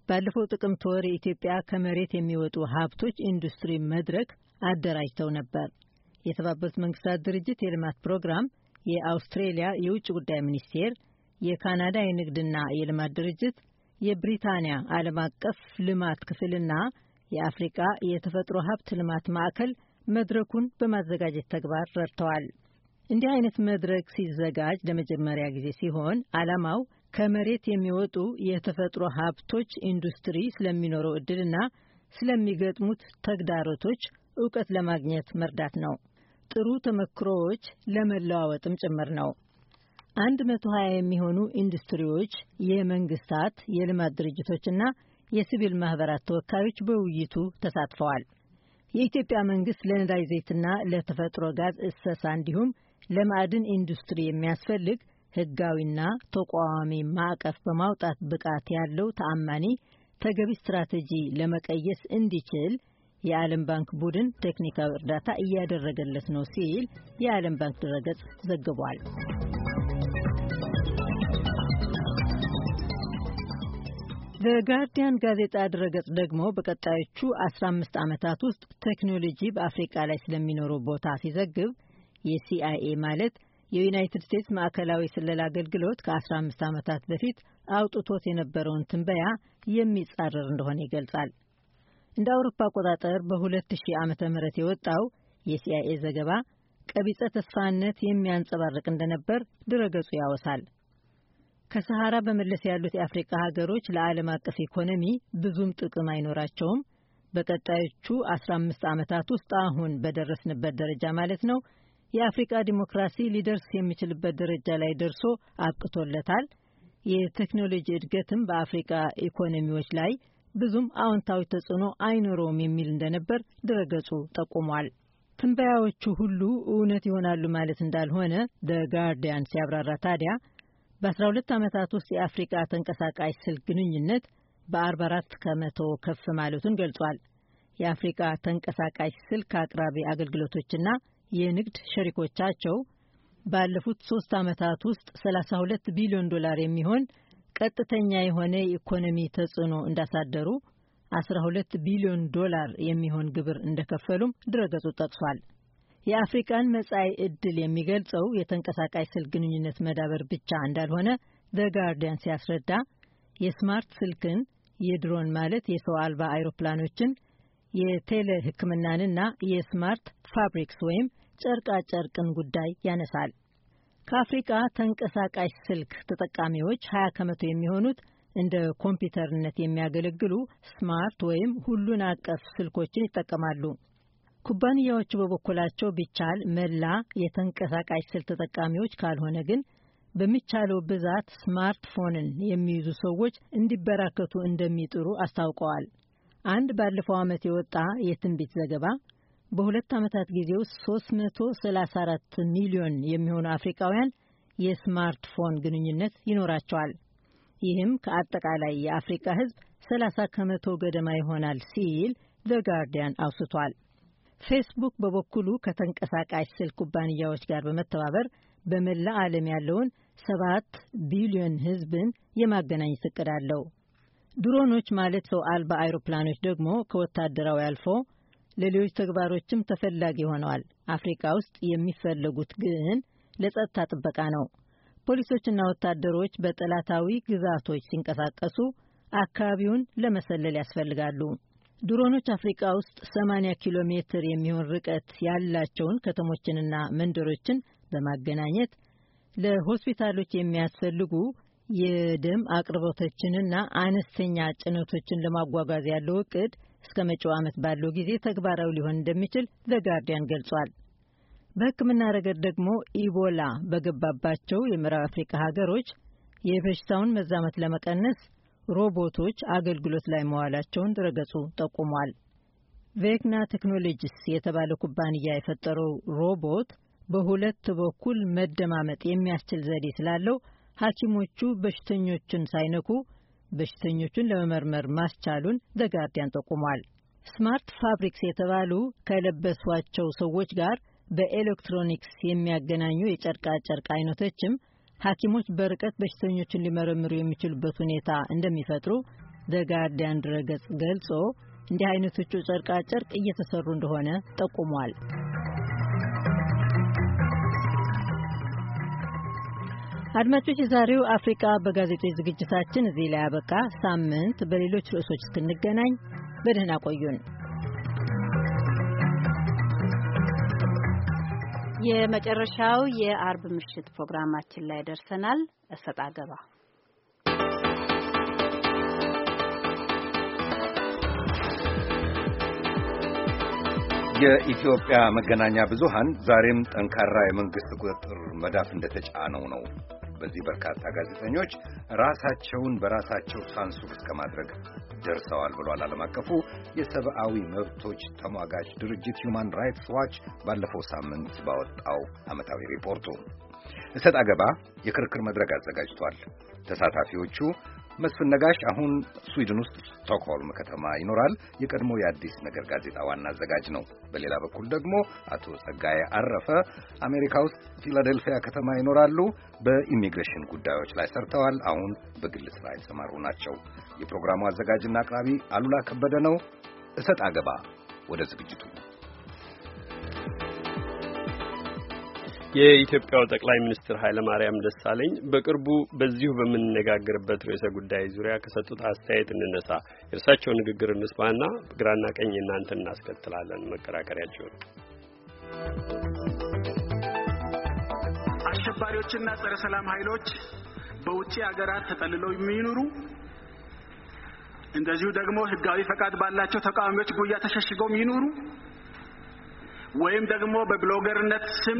ባለፈው ጥቅምት ወር የኢትዮጵያ ከመሬት የሚወጡ ሀብቶች ኢንዱስትሪ መድረክ አደራጅተው ነበር። የተባበሩት መንግስታት ድርጅት የልማት ፕሮግራም፣ የአውስትሬሊያ የውጭ ጉዳይ ሚኒስቴር፣ የካናዳ የንግድና የልማት ድርጅት፣ የብሪታንያ ዓለም አቀፍ ልማት ክፍልና የአፍሪቃ የተፈጥሮ ሀብት ልማት ማዕከል መድረኩን በማዘጋጀት ተግባር ረድተዋል። እንዲህ አይነት መድረክ ሲዘጋጅ ለመጀመሪያ ጊዜ ሲሆን ዓላማው ከመሬት የሚወጡ የተፈጥሮ ሀብቶች ኢንዱስትሪ ስለሚኖረው እድልና ስለሚገጥሙት ተግዳሮቶች እውቀት ለማግኘት መርዳት ነው። ጥሩ ተመክሮዎች ለመለዋወጥም ጭምር ነው። 120 የሚሆኑ ኢንዱስትሪዎች፣ የመንግስታት የልማት ድርጅቶችና የሲቪል ማህበራት ተወካዮች በውይይቱ ተሳትፈዋል። የኢትዮጵያ መንግስት ለነዳጅ ዘይትና ለተፈጥሮ ጋዝ እሰሳ እንዲሁም ለማዕድን ኢንዱስትሪ የሚያስፈልግ ህጋዊና ተቋዋሚ ማዕቀፍ በማውጣት ብቃት ያለው ተአማኒ ተገቢ ስትራቴጂ ለመቀየስ እንዲችል የዓለም ባንክ ቡድን ቴክኒካዊ እርዳታ እያደረገለት ነው ሲል የዓለም ባንክ ድረገጽ ዘግቧል። በጋርዲያን ጋዜጣ ድረገጽ ደግሞ በቀጣዮቹ 15 ዓመታት ውስጥ ቴክኖሎጂ በአፍሪቃ ላይ ስለሚኖረው ቦታ ሲዘግብ የሲአይኤ ማለት የዩናይትድ ስቴትስ ማዕከላዊ ስለላ አገልግሎት ከ15 ዓመታት በፊት አውጥቶት የነበረውን ትንበያ የሚጻረር እንደሆነ ይገልጻል። እንደ አውሮፓ አቆጣጠር በ2000 ዓ.ም የወጣው የሲአይኤ ዘገባ ቀቢጸ ተስፋነት የሚያንጸባርቅ እንደነበር ድረገጹ ያወሳል። ከሰሃራ በመለስ ያሉት የአፍሪካ ሀገሮች ለዓለም አቀፍ ኢኮኖሚ ብዙም ጥቅም አይኖራቸውም። በቀጣዮቹ 15 ዓመታት ውስጥ አሁን በደረስንበት ደረጃ ማለት ነው የአፍሪካ ዲሞክራሲ ሊደርስ የሚችልበት ደረጃ ላይ ደርሶ አብቅቶለታል። የቴክኖሎጂ እድገትም በአፍሪካ ኢኮኖሚዎች ላይ ብዙም አዎንታዊ ተጽዕኖ አይኖረውም የሚል እንደነበር ድረገጹ ጠቁሟል። ትንበያዎቹ ሁሉ እውነት ይሆናሉ ማለት እንዳልሆነ ደ ጋርዲያን ሲያብራራ ታዲያ በ12 ዓመታት ውስጥ የአፍሪቃ ተንቀሳቃሽ ስልክ ግንኙነት በ44 ከመቶ ከፍ ማለቱን ገልጿል። የአፍሪቃ ተንቀሳቃሽ ስልክ አቅራቢ አገልግሎቶችና የንግድ ሸሪኮቻቸው ባለፉት ሶስት ዓመታት ውስጥ 32 ቢሊዮን ዶላር የሚሆን ቀጥተኛ የሆነ የኢኮኖሚ ተጽዕኖ እንዳሳደሩ 12 ቢሊዮን ዶላር የሚሆን ግብር እንደከፈሉም ድረገጹ ጠቅሷል። የአፍሪካን መጻኢ ዕድል የሚገልጸው የተንቀሳቃሽ ስልክ ግንኙነት መዳበር ብቻ እንዳልሆነ ዘ ጋርዲያን ሲያስረዳ የስማርት ስልክን፣ የድሮን ማለት የሰው አልባ አይሮፕላኖችን፣ የቴሌ ሕክምናንና የስማርት ፋብሪክስ ወይም ጨርቃጨርቅን ጉዳይ ያነሳል። ከአፍሪቃ ተንቀሳቃሽ ስልክ ተጠቃሚዎች 20 ከመቶ የሚሆኑት እንደ ኮምፒውተርነት የሚያገለግሉ ስማርት ወይም ሁሉን አቀፍ ስልኮችን ይጠቀማሉ። ኩባንያዎቹ በበኩላቸው ቢቻል መላ የተንቀሳቃሽ ስልክ ተጠቃሚዎች ካልሆነ ግን በሚቻለው ብዛት ስማርትፎንን የሚይዙ ሰዎች እንዲበራከቱ እንደሚጥሩ አስታውቀዋል። አንድ ባለፈው ዓመት የወጣ የትንቢት ዘገባ በሁለት ዓመታት ጊዜ ውስጥ 334 ሚሊዮን የሚሆኑ አፍሪካውያን የስማርትፎን ግንኙነት ይኖራቸዋል። ይህም ከአጠቃላይ የአፍሪካ ሕዝብ 30 ከመቶ ገደማ ይሆናል ሲል ዘ ጋርዲያን አውስቷል። ፌስቡክ በበኩሉ ከተንቀሳቃሽ ስልክ ኩባንያዎች ጋር በመተባበር በመላ ዓለም ያለውን ሰባት ቢሊዮን ህዝብን የማገናኘት እቅድ አለው። ድሮኖች ማለት ሰው አልባ አይሮፕላኖች ደግሞ ከወታደራዊ አልፎ ለሌሎች ተግባሮችም ተፈላጊ ሆነዋል። አፍሪካ ውስጥ የሚፈለጉት ግን ለጸጥታ ጥበቃ ነው። ፖሊሶችና ወታደሮች በጠላታዊ ግዛቶች ሲንቀሳቀሱ አካባቢውን ለመሰለል ያስፈልጋሉ። ድሮኖች አፍሪካ ውስጥ 80 ኪሎ ሜትር የሚሆን ርቀት ያላቸውን ከተሞችንና መንደሮችን በማገናኘት ለሆስፒታሎች የሚያስፈልጉ የደም አቅርቦቶችንና አነስተኛ ጭነቶችን ለማጓጓዝ ያለው እቅድ እስከ መጪው ዓመት ባለው ጊዜ ተግባራዊ ሊሆን እንደሚችል ዘ ገልጿል። በሕክምና ረገድ ደግሞ ኢቦላ በገባባቸው የምዕራብ አፍሪካ ሀገሮች የበሽታውን መዛመት ለመቀነስ ሮቦቶች አገልግሎት ላይ መዋላቸውን ድረገጹ ጠቁሟል። ቬክና ቴክኖሎጂስ የተባለ ኩባንያ የፈጠረው ሮቦት በሁለት በኩል መደማመጥ የሚያስችል ዘዴ ስላለው ሐኪሞቹ በሽተኞችን ሳይነኩ በሽተኞቹን ለመመርመር ማስቻሉን ዘጋርዲያን ጠቁሟል። ስማርት ፋብሪክስ የተባሉ ከለበሷቸው ሰዎች ጋር በኤሌክትሮኒክስ የሚያገናኙ የጨርቃጨርቅ አይነቶችም ሐኪሞች በርቀት በሽተኞችን ሊመረምሩ የሚችሉበት ሁኔታ እንደሚፈጥሩ ዘጋርዲያን ድረገጽ ገልጾ እንዲህ አይነቶቹ ጨርቃጨርቅ እየተሰሩ እንደሆነ ጠቁሟል። አድማጮች፣ የዛሬው አፍሪቃ በጋዜጦች ዝግጅታችን እዚህ ላይ አበቃ። ሳምንት በሌሎች ርዕሶች እስክንገናኝ በደህና ቆዩን። የመጨረሻው የአርብ ምሽት ፕሮግራማችን ላይ ደርሰናል። እሰጥ አገባ የኢትዮጵያ መገናኛ ብዙሃን ዛሬም ጠንካራ የመንግስት ቁጥጥር መዳፍ እንደተጫነው ነው። በዚህ በርካታ ጋዜጠኞች ራሳቸውን በራሳቸው ሳንሱር እስከ ማድረግ ደርሰዋል ብሏል። ዓለም አቀፉ የሰብአዊ መብቶች ተሟጋች ድርጅት ሁማን ራይትስ ዋች ባለፈው ሳምንት ባወጣው ዓመታዊ ሪፖርቱ እሰጥ አገባ የክርክር መድረክ አዘጋጅቷል። ተሳታፊዎቹ መስፍን ነጋሽ አሁን ስዊድን ውስጥ ስቶክሆልም ከተማ ይኖራል። የቀድሞ የአዲስ ነገር ጋዜጣ ዋና አዘጋጅ ነው። በሌላ በኩል ደግሞ አቶ ጸጋዬ አረፈ አሜሪካ ውስጥ ፊላደልፊያ ከተማ ይኖራሉ። በኢሚግሬሽን ጉዳዮች ላይ ሰርተዋል። አሁን በግል ስራ የተሰማሩ ናቸው። የፕሮግራሙ አዘጋጅና አቅራቢ አሉላ ከበደ ነው። እሰጥ አገባ ወደ ዝግጅቱ የኢትዮጵያው ጠቅላይ ሚኒስትር ኃይለ ማርያም ደሳለኝ በቅርቡ በዚሁ በምንነጋገርበት ርዕሰ ጉዳይ ዙሪያ ከሰጡት አስተያየት እንነሳ። የእርሳቸው ንግግር እንስማና ግራና ቀኝ እናንተ እናስከትላለን መከራከሪያቸውን። አሸባሪዎችና ጸረ ሰላም ኃይሎች በውጭ ሀገራት ተጠልለው የሚኖሩ እንደዚሁ ደግሞ ሕጋዊ ፈቃድ ባላቸው ተቃዋሚዎች ጉያ ተሸሽገው ይኑሩ ወይም ደግሞ በብሎገርነት ስም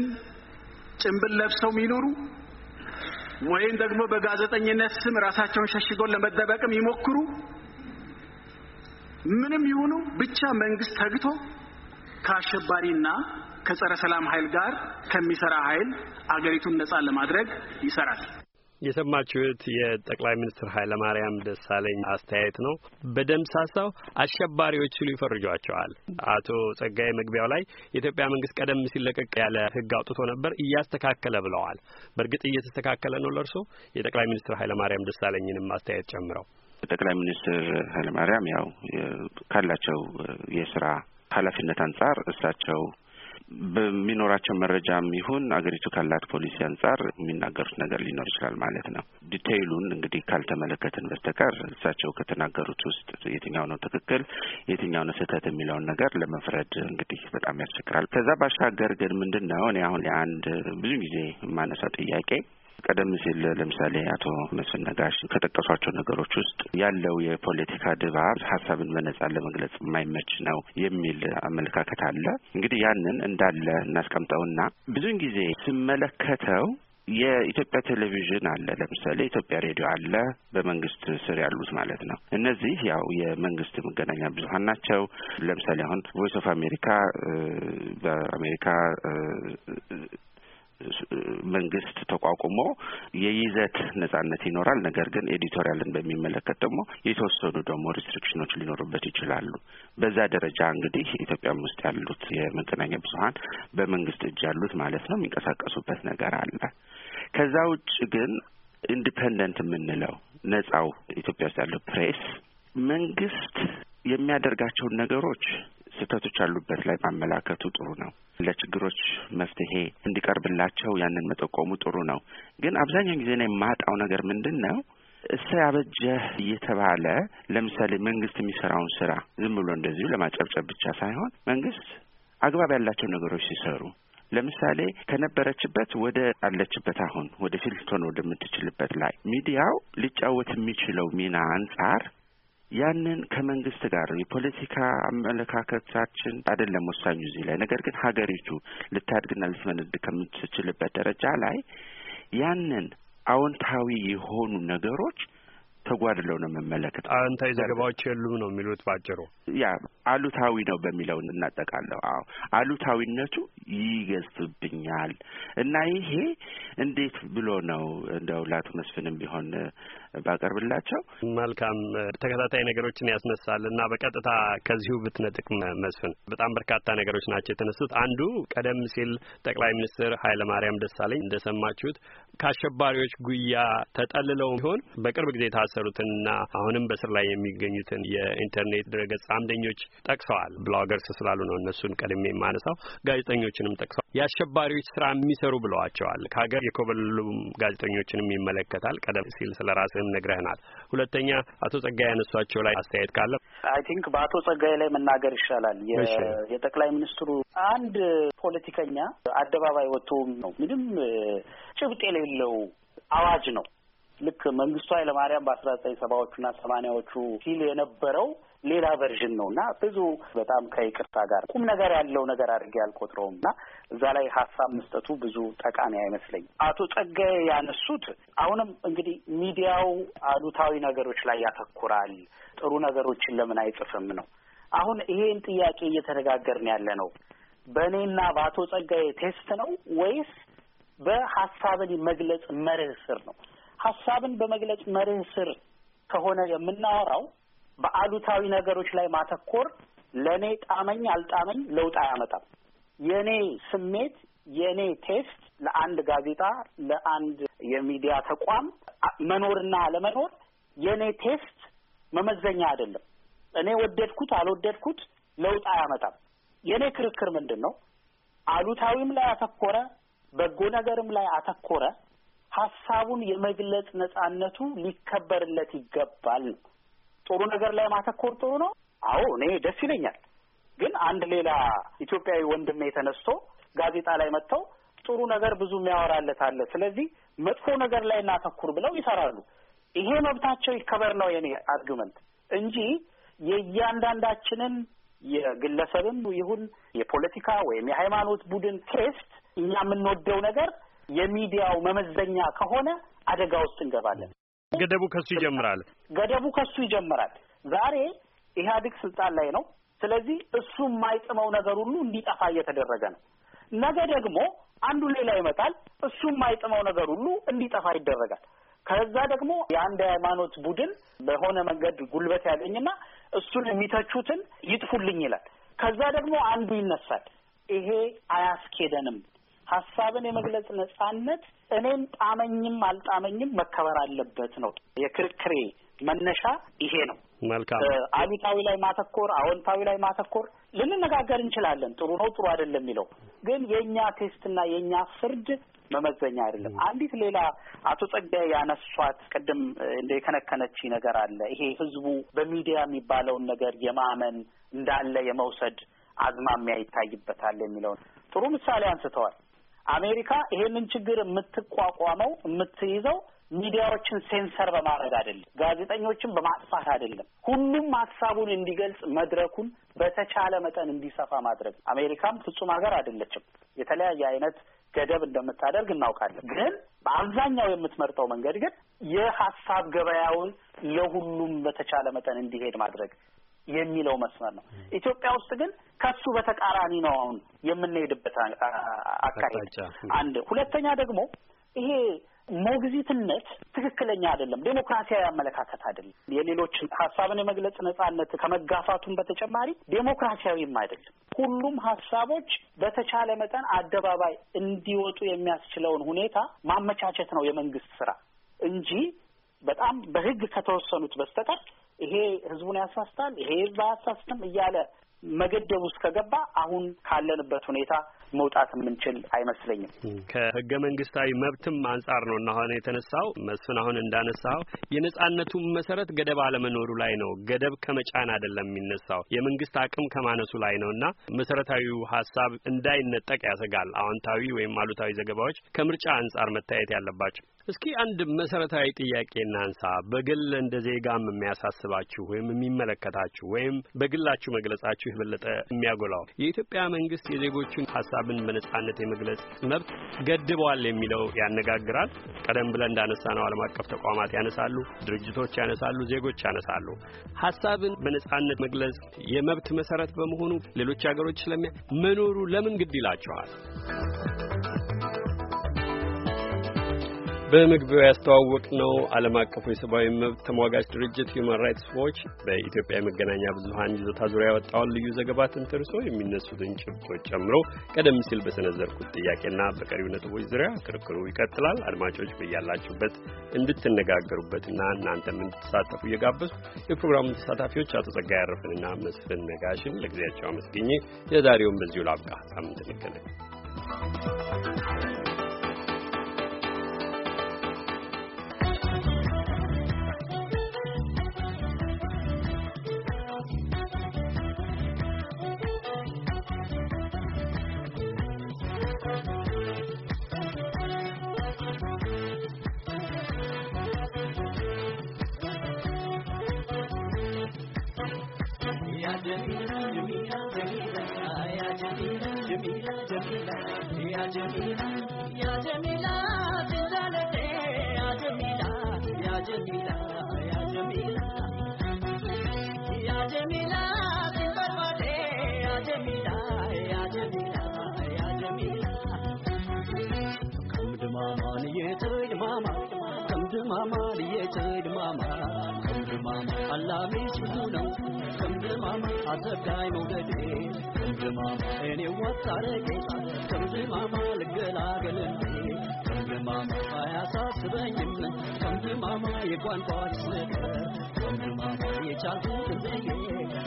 ጭንብል ለብሰው የሚኖሩ ወይም ደግሞ በጋዜጠኝነት ስም ራሳቸውን ሸሽገው ለመደበቅም ይሞክሩ ምንም ይሁኑ ብቻ መንግስት ተግቶ ከአሸባሪና ከጸረ ሰላም ኃይል ጋር ከሚሰራ ኃይል አገሪቱን ነፃ ለማድረግ ይሰራል። የሰማችሁት የጠቅላይ ሚኒስትር ኃይለማርያም ደሳለኝ አስተያየት ነው። በደምሳሳው አሸባሪዎች ሲሉ ይፈርጇቸዋል። አቶ ጸጋዬ መግቢያው ላይ የኢትዮጵያ መንግስት ቀደም ሲል ለቀቅ ያለ ህግ አውጥቶ ነበር እያስተካከለ ብለዋል። በእርግጥ እየተስተካከለ ነው? ለእርሶ የጠቅላይ ሚኒስትር ኃይለማርያም ደሳለኝንም አስተያየት ጨምረው። ጠቅላይ ሚኒስትር ኃይለማርያም ያው ካላቸው የስራ ኃላፊነት አንጻር እሳቸው በሚኖራቸው መረጃም ይሁን አገሪቱ ካላት ፖሊሲ አንጻር የሚናገሩት ነገር ሊኖር ይችላል ማለት ነው። ዲቴይሉን እንግዲህ ካልተመለከትን በስተቀር እሳቸው ከተናገሩት ውስጥ የትኛው ነው ትክክል፣ የትኛው ነው ስህተት የሚለውን ነገር ለመፍረድ እንግዲህ በጣም ያስቸግራል። ከዛ ባሻገር ግን ምንድን ነው እኔ አሁን የአንድ ብዙ ጊዜ የማነሳው ጥያቄ ቀደም ሲል ለምሳሌ አቶ መስፍን ነጋሽ ከጠቀሷቸው ነገሮች ውስጥ ያለው የፖለቲካ ድባብ ሀሳብን በነጻ ለመግለጽ የማይመች ነው የሚል አመለካከት አለ። እንግዲህ ያንን እንዳለ እናስቀምጠውና ብዙውን ጊዜ ስመለከተው የኢትዮጵያ ቴሌቪዥን አለ፣ ለምሳሌ ኢትዮጵያ ሬዲዮ አለ፣ በመንግስት ስር ያሉት ማለት ነው። እነዚህ ያው የመንግስት መገናኛ ብዙኃን ናቸው። ለምሳሌ አሁን ቮይስ ኦፍ አሜሪካ በአሜሪካ መንግስት ተቋቁሞ የይዘት ነጻነት ይኖራል። ነገር ግን ኤዲቶሪያልን በሚመለከት ደግሞ የተወሰኑ ደግሞ ሪስትሪክሽኖች ሊኖሩበት ይችላሉ። በዛ ደረጃ እንግዲህ ኢትዮጵያም ውስጥ ያሉት የመገናኛ ብዙሀን በመንግስት እጅ ያሉት ማለት ነው የሚንቀሳቀሱበት ነገር አለ። ከዛ ውጭ ግን ኢንዲፐንደንት የምንለው ነጻው ኢትዮጵያ ውስጥ ያለው ፕሬስ መንግስት የሚያደርጋቸውን ነገሮች ስህተቶች አሉበት ላይ ማመላከቱ ጥሩ ነው። ለችግሮች መፍትሄ እንዲቀርብላቸው ያንን መጠቆሙ ጥሩ ነው። ግን አብዛኛው ጊዜ የማጣው ነገር ምንድን ነው እሰ አበጀህ እየተባለ ለምሳሌ መንግስት የሚሰራውን ስራ ዝም ብሎ እንደዚሁ ለማጨብጨብ ብቻ ሳይሆን መንግስት አግባብ ያላቸው ነገሮች ሲሰሩ ለምሳሌ ከነበረችበት ወደ አለችበት አሁን ወደፊት ልትሆን ወደምትችልበት ላይ ሚዲያው ሊጫወት የሚችለው ሚና አንጻር ያንን ከመንግስት ጋር የፖለቲካ አመለካከታችን አይደለም ወሳኙ እዚህ ላይ። ነገር ግን ሀገሪቱ ልታድግና ልትመነድ ከምትችልበት ደረጃ ላይ ያንን አዎንታዊ የሆኑ ነገሮች ተጓድለው ነው መመለከት። አዎንታዊ ዘገባዎች የሉም ነው የሚሉት ባጭሩ። ያ አሉታዊ ነው በሚለው እናጠቃለሁ። አዎ አሉታዊነቱ ይገዝብኛል እና ይሄ እንዴት ብሎ ነው እንደው ላቱ መስፍንም ቢሆን ባቀርብላቸው መልካም ተከታታይ ነገሮችን ያስነሳል እና በቀጥታ ከዚሁ ብትነጥቅ መስፍን፣ በጣም በርካታ ነገሮች ናቸው የተነሱት። አንዱ ቀደም ሲል ጠቅላይ ሚኒስትር ኃይለማርያም ደሳለኝ እንደሰማችሁት ከአሸባሪዎች ጉያ ተጠልለው ቢሆን በቅርብ ጊዜ የታሰሩትንና አሁንም በስር ላይ የሚገኙትን የኢንተርኔት ድረገጽ አምደኞች ጠቅሰዋል። ብሎገርስ ስላሉ ነው እነሱን ቀድሜ የማነሳው። ጋዜጠኞችንም ጠቅሰዋል። የአሸባሪዎች ስራ የሚሰሩ ብለዋቸዋል። ከሀገር የኮበልሉ ጋዜጠኞችንም ይመለከታል። ቀደም ሲል ስለ ራስ እንደምትፈጥርም ነግረህናል። ሁለተኛ አቶ ጸጋይ ያነሷቸው ላይ አስተያየት ካለ አይ ቲንክ በአቶ ጸጋይ ላይ መናገር ይሻላል። የጠቅላይ ሚኒስትሩ አንድ ፖለቲከኛ አደባባይ ወጥቶ ነው ምንም ጭብጥ የሌለው አዋጅ ነው። ልክ መንግስቱ ኃይለማርያም በአስራ ዘጠኝ ሰባዎቹ ሰባዎቹና ሰማኒያዎቹ ሲል የነበረው ሌላ ቨርዥን ነው እና ብዙ በጣም ከይቅርታ ጋር ቁም ነገር ያለው ነገር አድርጌ አልቆጥረውም እና እዛ ላይ ሀሳብ መስጠቱ ብዙ ጠቃሚ አይመስለኝም። አቶ ጸጋዬ ያነሱት አሁንም እንግዲህ ሚዲያው አሉታዊ ነገሮች ላይ ያተኩራል፣ ጥሩ ነገሮችን ለምን አይጽፍም ነው። አሁን ይሄን ጥያቄ እየተነጋገርን ያለ ነው። በእኔና በአቶ ጸጋዬ ቴስት ነው ወይስ በሀሳብን መግለጽ መርህ ስር ነው? ሀሳብን በመግለጽ መርህ ስር ከሆነ የምናወራው በአሉታዊ ነገሮች ላይ ማተኮር ለእኔ ጣመኝ አልጣመኝ ለውጥ አያመጣም። የእኔ ስሜት የእኔ ቴስት ለአንድ ጋዜጣ ለአንድ የሚዲያ ተቋም መኖርና አለመኖር የእኔ ቴስት መመዘኛ አይደለም። እኔ ወደድኩት አልወደድኩት ለውጥ አያመጣም። የእኔ ክርክር ምንድን ነው? አሉታዊም ላይ አተኮረ፣ በጎ ነገርም ላይ አተኮረ፣ ሀሳቡን የመግለጽ ነጻነቱ ሊከበርለት ይገባል። ጥሩ ነገር ላይ ማተኮር ጥሩ ነው። አዎ እኔ ደስ ይለኛል። ግን አንድ ሌላ ኢትዮጵያዊ ወንድሜ ተነስቶ ጋዜጣ ላይ መጥተው ጥሩ ነገር ብዙ የሚያወራለት አለ፣ ስለዚህ መጥፎ ነገር ላይ እናተኩር ብለው ይሰራሉ። ይሄ መብታቸው ይከበር ነው የኔ አርጊመንት እንጂ የእያንዳንዳችንን የግለሰብም ይሁን የፖለቲካ ወይም የሃይማኖት ቡድን ቴስት እኛ የምንወደው ነገር የሚዲያው መመዘኛ ከሆነ አደጋ ውስጥ እንገባለን። ገደቡ ከሱ ይጀምራል። ገደቡ ከሱ ይጀምራል። ዛሬ ኢህአዴግ ስልጣን ላይ ነው። ስለዚህ እሱ የማይጥመው ነገር ሁሉ እንዲጠፋ እየተደረገ ነው። ነገ ደግሞ አንዱ ሌላ ይመጣል፣ እሱ የማይጥመው ነገር ሁሉ እንዲጠፋ ይደረጋል። ከዛ ደግሞ የአንድ ሃይማኖት ቡድን በሆነ መንገድ ጉልበት ያገኝና እሱን የሚተቹትን ይጥፉልኝ ይላል። ከዛ ደግሞ አንዱ ይነሳል። ይሄ አያስኬደንም። ሀሳብን የመግለጽ ነጻነት እኔም ጣመኝም አልጣመኝም መከበር አለበት ነው የክርክሬ መነሻ ይሄ ነው። መልካም አሉታዊ ላይ ማተኮር፣ አዎንታዊ ላይ ማተኮር ልንነጋገር እንችላለን። ጥሩ ነው ጥሩ አይደለም የሚለው ግን የእኛ ቴስትና የእኛ ፍርድ መመዘኛ አይደለም። አንዲት ሌላ አቶ ጸጋዬ ያነሷት ቅድም እንደ የከነከነች ነገር አለ። ይሄ ህዝቡ በሚዲያ የሚባለውን ነገር የማመን እንዳለ የመውሰድ አዝማሚያ ይታይበታል የሚለውን ጥሩ ምሳሌ አንስተዋል። አሜሪካ ይሄንን ችግር የምትቋቋመው የምትይዘው ሚዲያዎችን ሴንሰር በማድረግ አይደለም፣ ጋዜጠኞችን በማጥፋት አይደለም። ሁሉም ሀሳቡን እንዲገልጽ መድረኩን በተቻለ መጠን እንዲሰፋ ማድረግ። አሜሪካም ፍጹም ሀገር አይደለችም። የተለያየ አይነት ገደብ እንደምታደርግ እናውቃለን። ግን በአብዛኛው የምትመርጠው መንገድ ግን የሀሳብ ገበያውን ለሁሉም በተቻለ መጠን እንዲሄድ ማድረግ የሚለው መስመር ነው። ኢትዮጵያ ውስጥ ግን ከሱ በተቃራኒ ነው አሁን የምንሄድበት አካሄድ። አንድ ሁለተኛ ደግሞ ይሄ ሞግዚትነት ትክክለኛ አይደለም፣ ዴሞክራሲያዊ አመለካከት አይደለም። የሌሎችን ሀሳብን የመግለጽ ነጻነት ከመጋፋቱን በተጨማሪ ዴሞክራሲያዊም አይደለም። ሁሉም ሀሳቦች በተቻለ መጠን አደባባይ እንዲወጡ የሚያስችለውን ሁኔታ ማመቻቸት ነው የመንግስት ስራ እንጂ በጣም በህግ ከተወሰኑት በስተቀር ይሄ ህዝቡን ያሳስታል፣ ይሄ ህዝብ አያሳስትም እያለ መገደብ ውስጥ ከገባ አሁን ካለንበት ሁኔታ መውጣት የምንችል አይመስለኝም። ከህገ መንግስታዊ መብትም አንጻር ነው እና አሁን የተነሳው መስፍን አሁን እንዳነሳው የነጻነቱን መሰረት ገደብ አለመኖሩ ላይ ነው። ገደብ ከመጫን አይደለም የሚነሳው የመንግስት አቅም ከማነሱ ላይ ነው እና መሰረታዊው ሀሳብ እንዳይነጠቅ ያሰጋል። አዎንታዊ ወይም አሉታዊ ዘገባዎች ከምርጫ አንጻር መታየት ያለባቸው እስኪ አንድ መሰረታዊ ጥያቄ እናንሳ። በግል እንደ ዜጋም የሚያሳስባችሁ ወይም የሚመለከታችሁ ወይም በግላችሁ መግለጻችሁ የበለጠ የሚያጎላው የኢትዮጵያ መንግስት የዜጎቹን ሀሳብን በነጻነት የመግለጽ መብት ገድበዋል የሚለው ያነጋግራል። ቀደም ብለን እንዳነሳ ነው ዓለም አቀፍ ተቋማት ያነሳሉ፣ ድርጅቶች ያነሳሉ፣ ዜጎች ያነሳሉ። ሀሳብን በነጻነት መግለጽ የመብት መሰረት በመሆኑ ሌሎች ሀገሮች ስለሚያ መኖሩ ለምን ግድ ይላቸዋል? በመግቢያው ያስተዋወቅ ነው ዓለም አቀፉ የሰብአዊ መብት ተሟጋች ድርጅት ሂውማን ራይትስ ዎች በኢትዮጵያ የመገናኛ ብዙሀን ይዞታ ዙሪያ ያወጣውን ልዩ ዘገባ ተንተርሶ የሚነሱትን ጭብጦች ጨምሮ ቀደም ሲል በሰነዘርኩት ጥያቄና በቀሪው ነጥቦች ዙሪያ ክርክሩ ይቀጥላል። አድማጮች በያላችሁበት እንድትነጋገሩበትና እናንተም እንድትሳተፉ እየጋበዙ የፕሮግራሙን ተሳታፊዎች አቶ ጸጋዬ አረፍንና መስፍን ነጋሽን ለጊዜያቸው አመስገኘ የዛሬውን በዚሁ ላብቃ። ሳምንት እንገናኝ። जमीला जमीला जमीला या जमीला जमीला जमीला या जमीला या जमीला तेरा लटे मामा लिए चल मामा ድምድማም አላሚ ስቱ ነው ድምድማም አሰጋይ መውደዴ ድምድማም እኔ ወጣረቄ ድምድማም ልገላገልንዴ ድምድማም አያሳስበኝም ድምድማም የቋንቋች ነገር ድምድማም የቻልኩትን ብዬ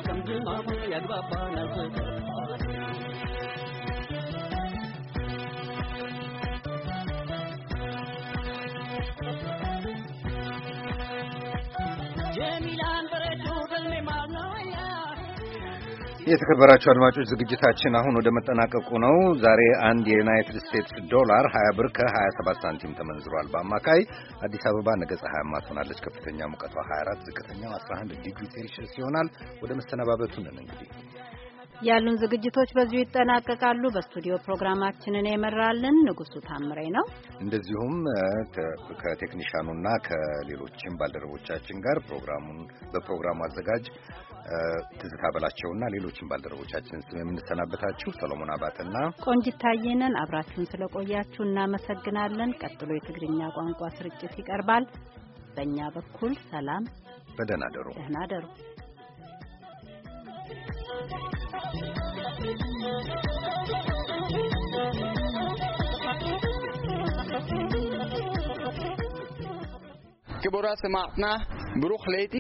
ድምድማም ያግባባናል ፍቅር የተከበራቸው አድማጮች ዝግጅታችን አሁን ወደ መጠናቀቁ ነው። ዛሬ አንድ የዩናይትድ ስቴትስ ዶላር 20 ብር ከ27 ሳንቲም ተመንዝሯል። በአማካይ አዲስ አበባ ነገ ፀሐያማ ትሆናለች። ከፍተኛ ሙቀቷ 24፣ ዝቅተኛው 11 ዲግሪ ሴልሽስ ይሆናል። ወደ መሰነባበቱ ነን እንግዲህ ያሉን ዝግጅቶች በዚሁ ይጠናቀቃሉ። በስቱዲዮ ፕሮግራማችንን የመራልን ንጉሱ ታምሬ ነው። እንደዚሁም ከቴክኒሻኑና ከሌሎችም ባልደረቦቻችን ጋር ፕሮግራሙን በፕሮግራሙ አዘጋጅ ትዝታ በላቸውና ሌሎችም ባልደረቦቻችን ስም የምንሰናበታችሁ ሰሎሞን አባትና ቆንጂት ታየነን አብራችሁን ስለቆያችሁ እናመሰግናለን። ቀጥሎ የትግርኛ ቋንቋ ስርጭት ይቀርባል። በእኛ በኩል ሰላም፣ በደህና ደሩ፣ ደህና ደሩ። كبرات معتنا بروح ليتي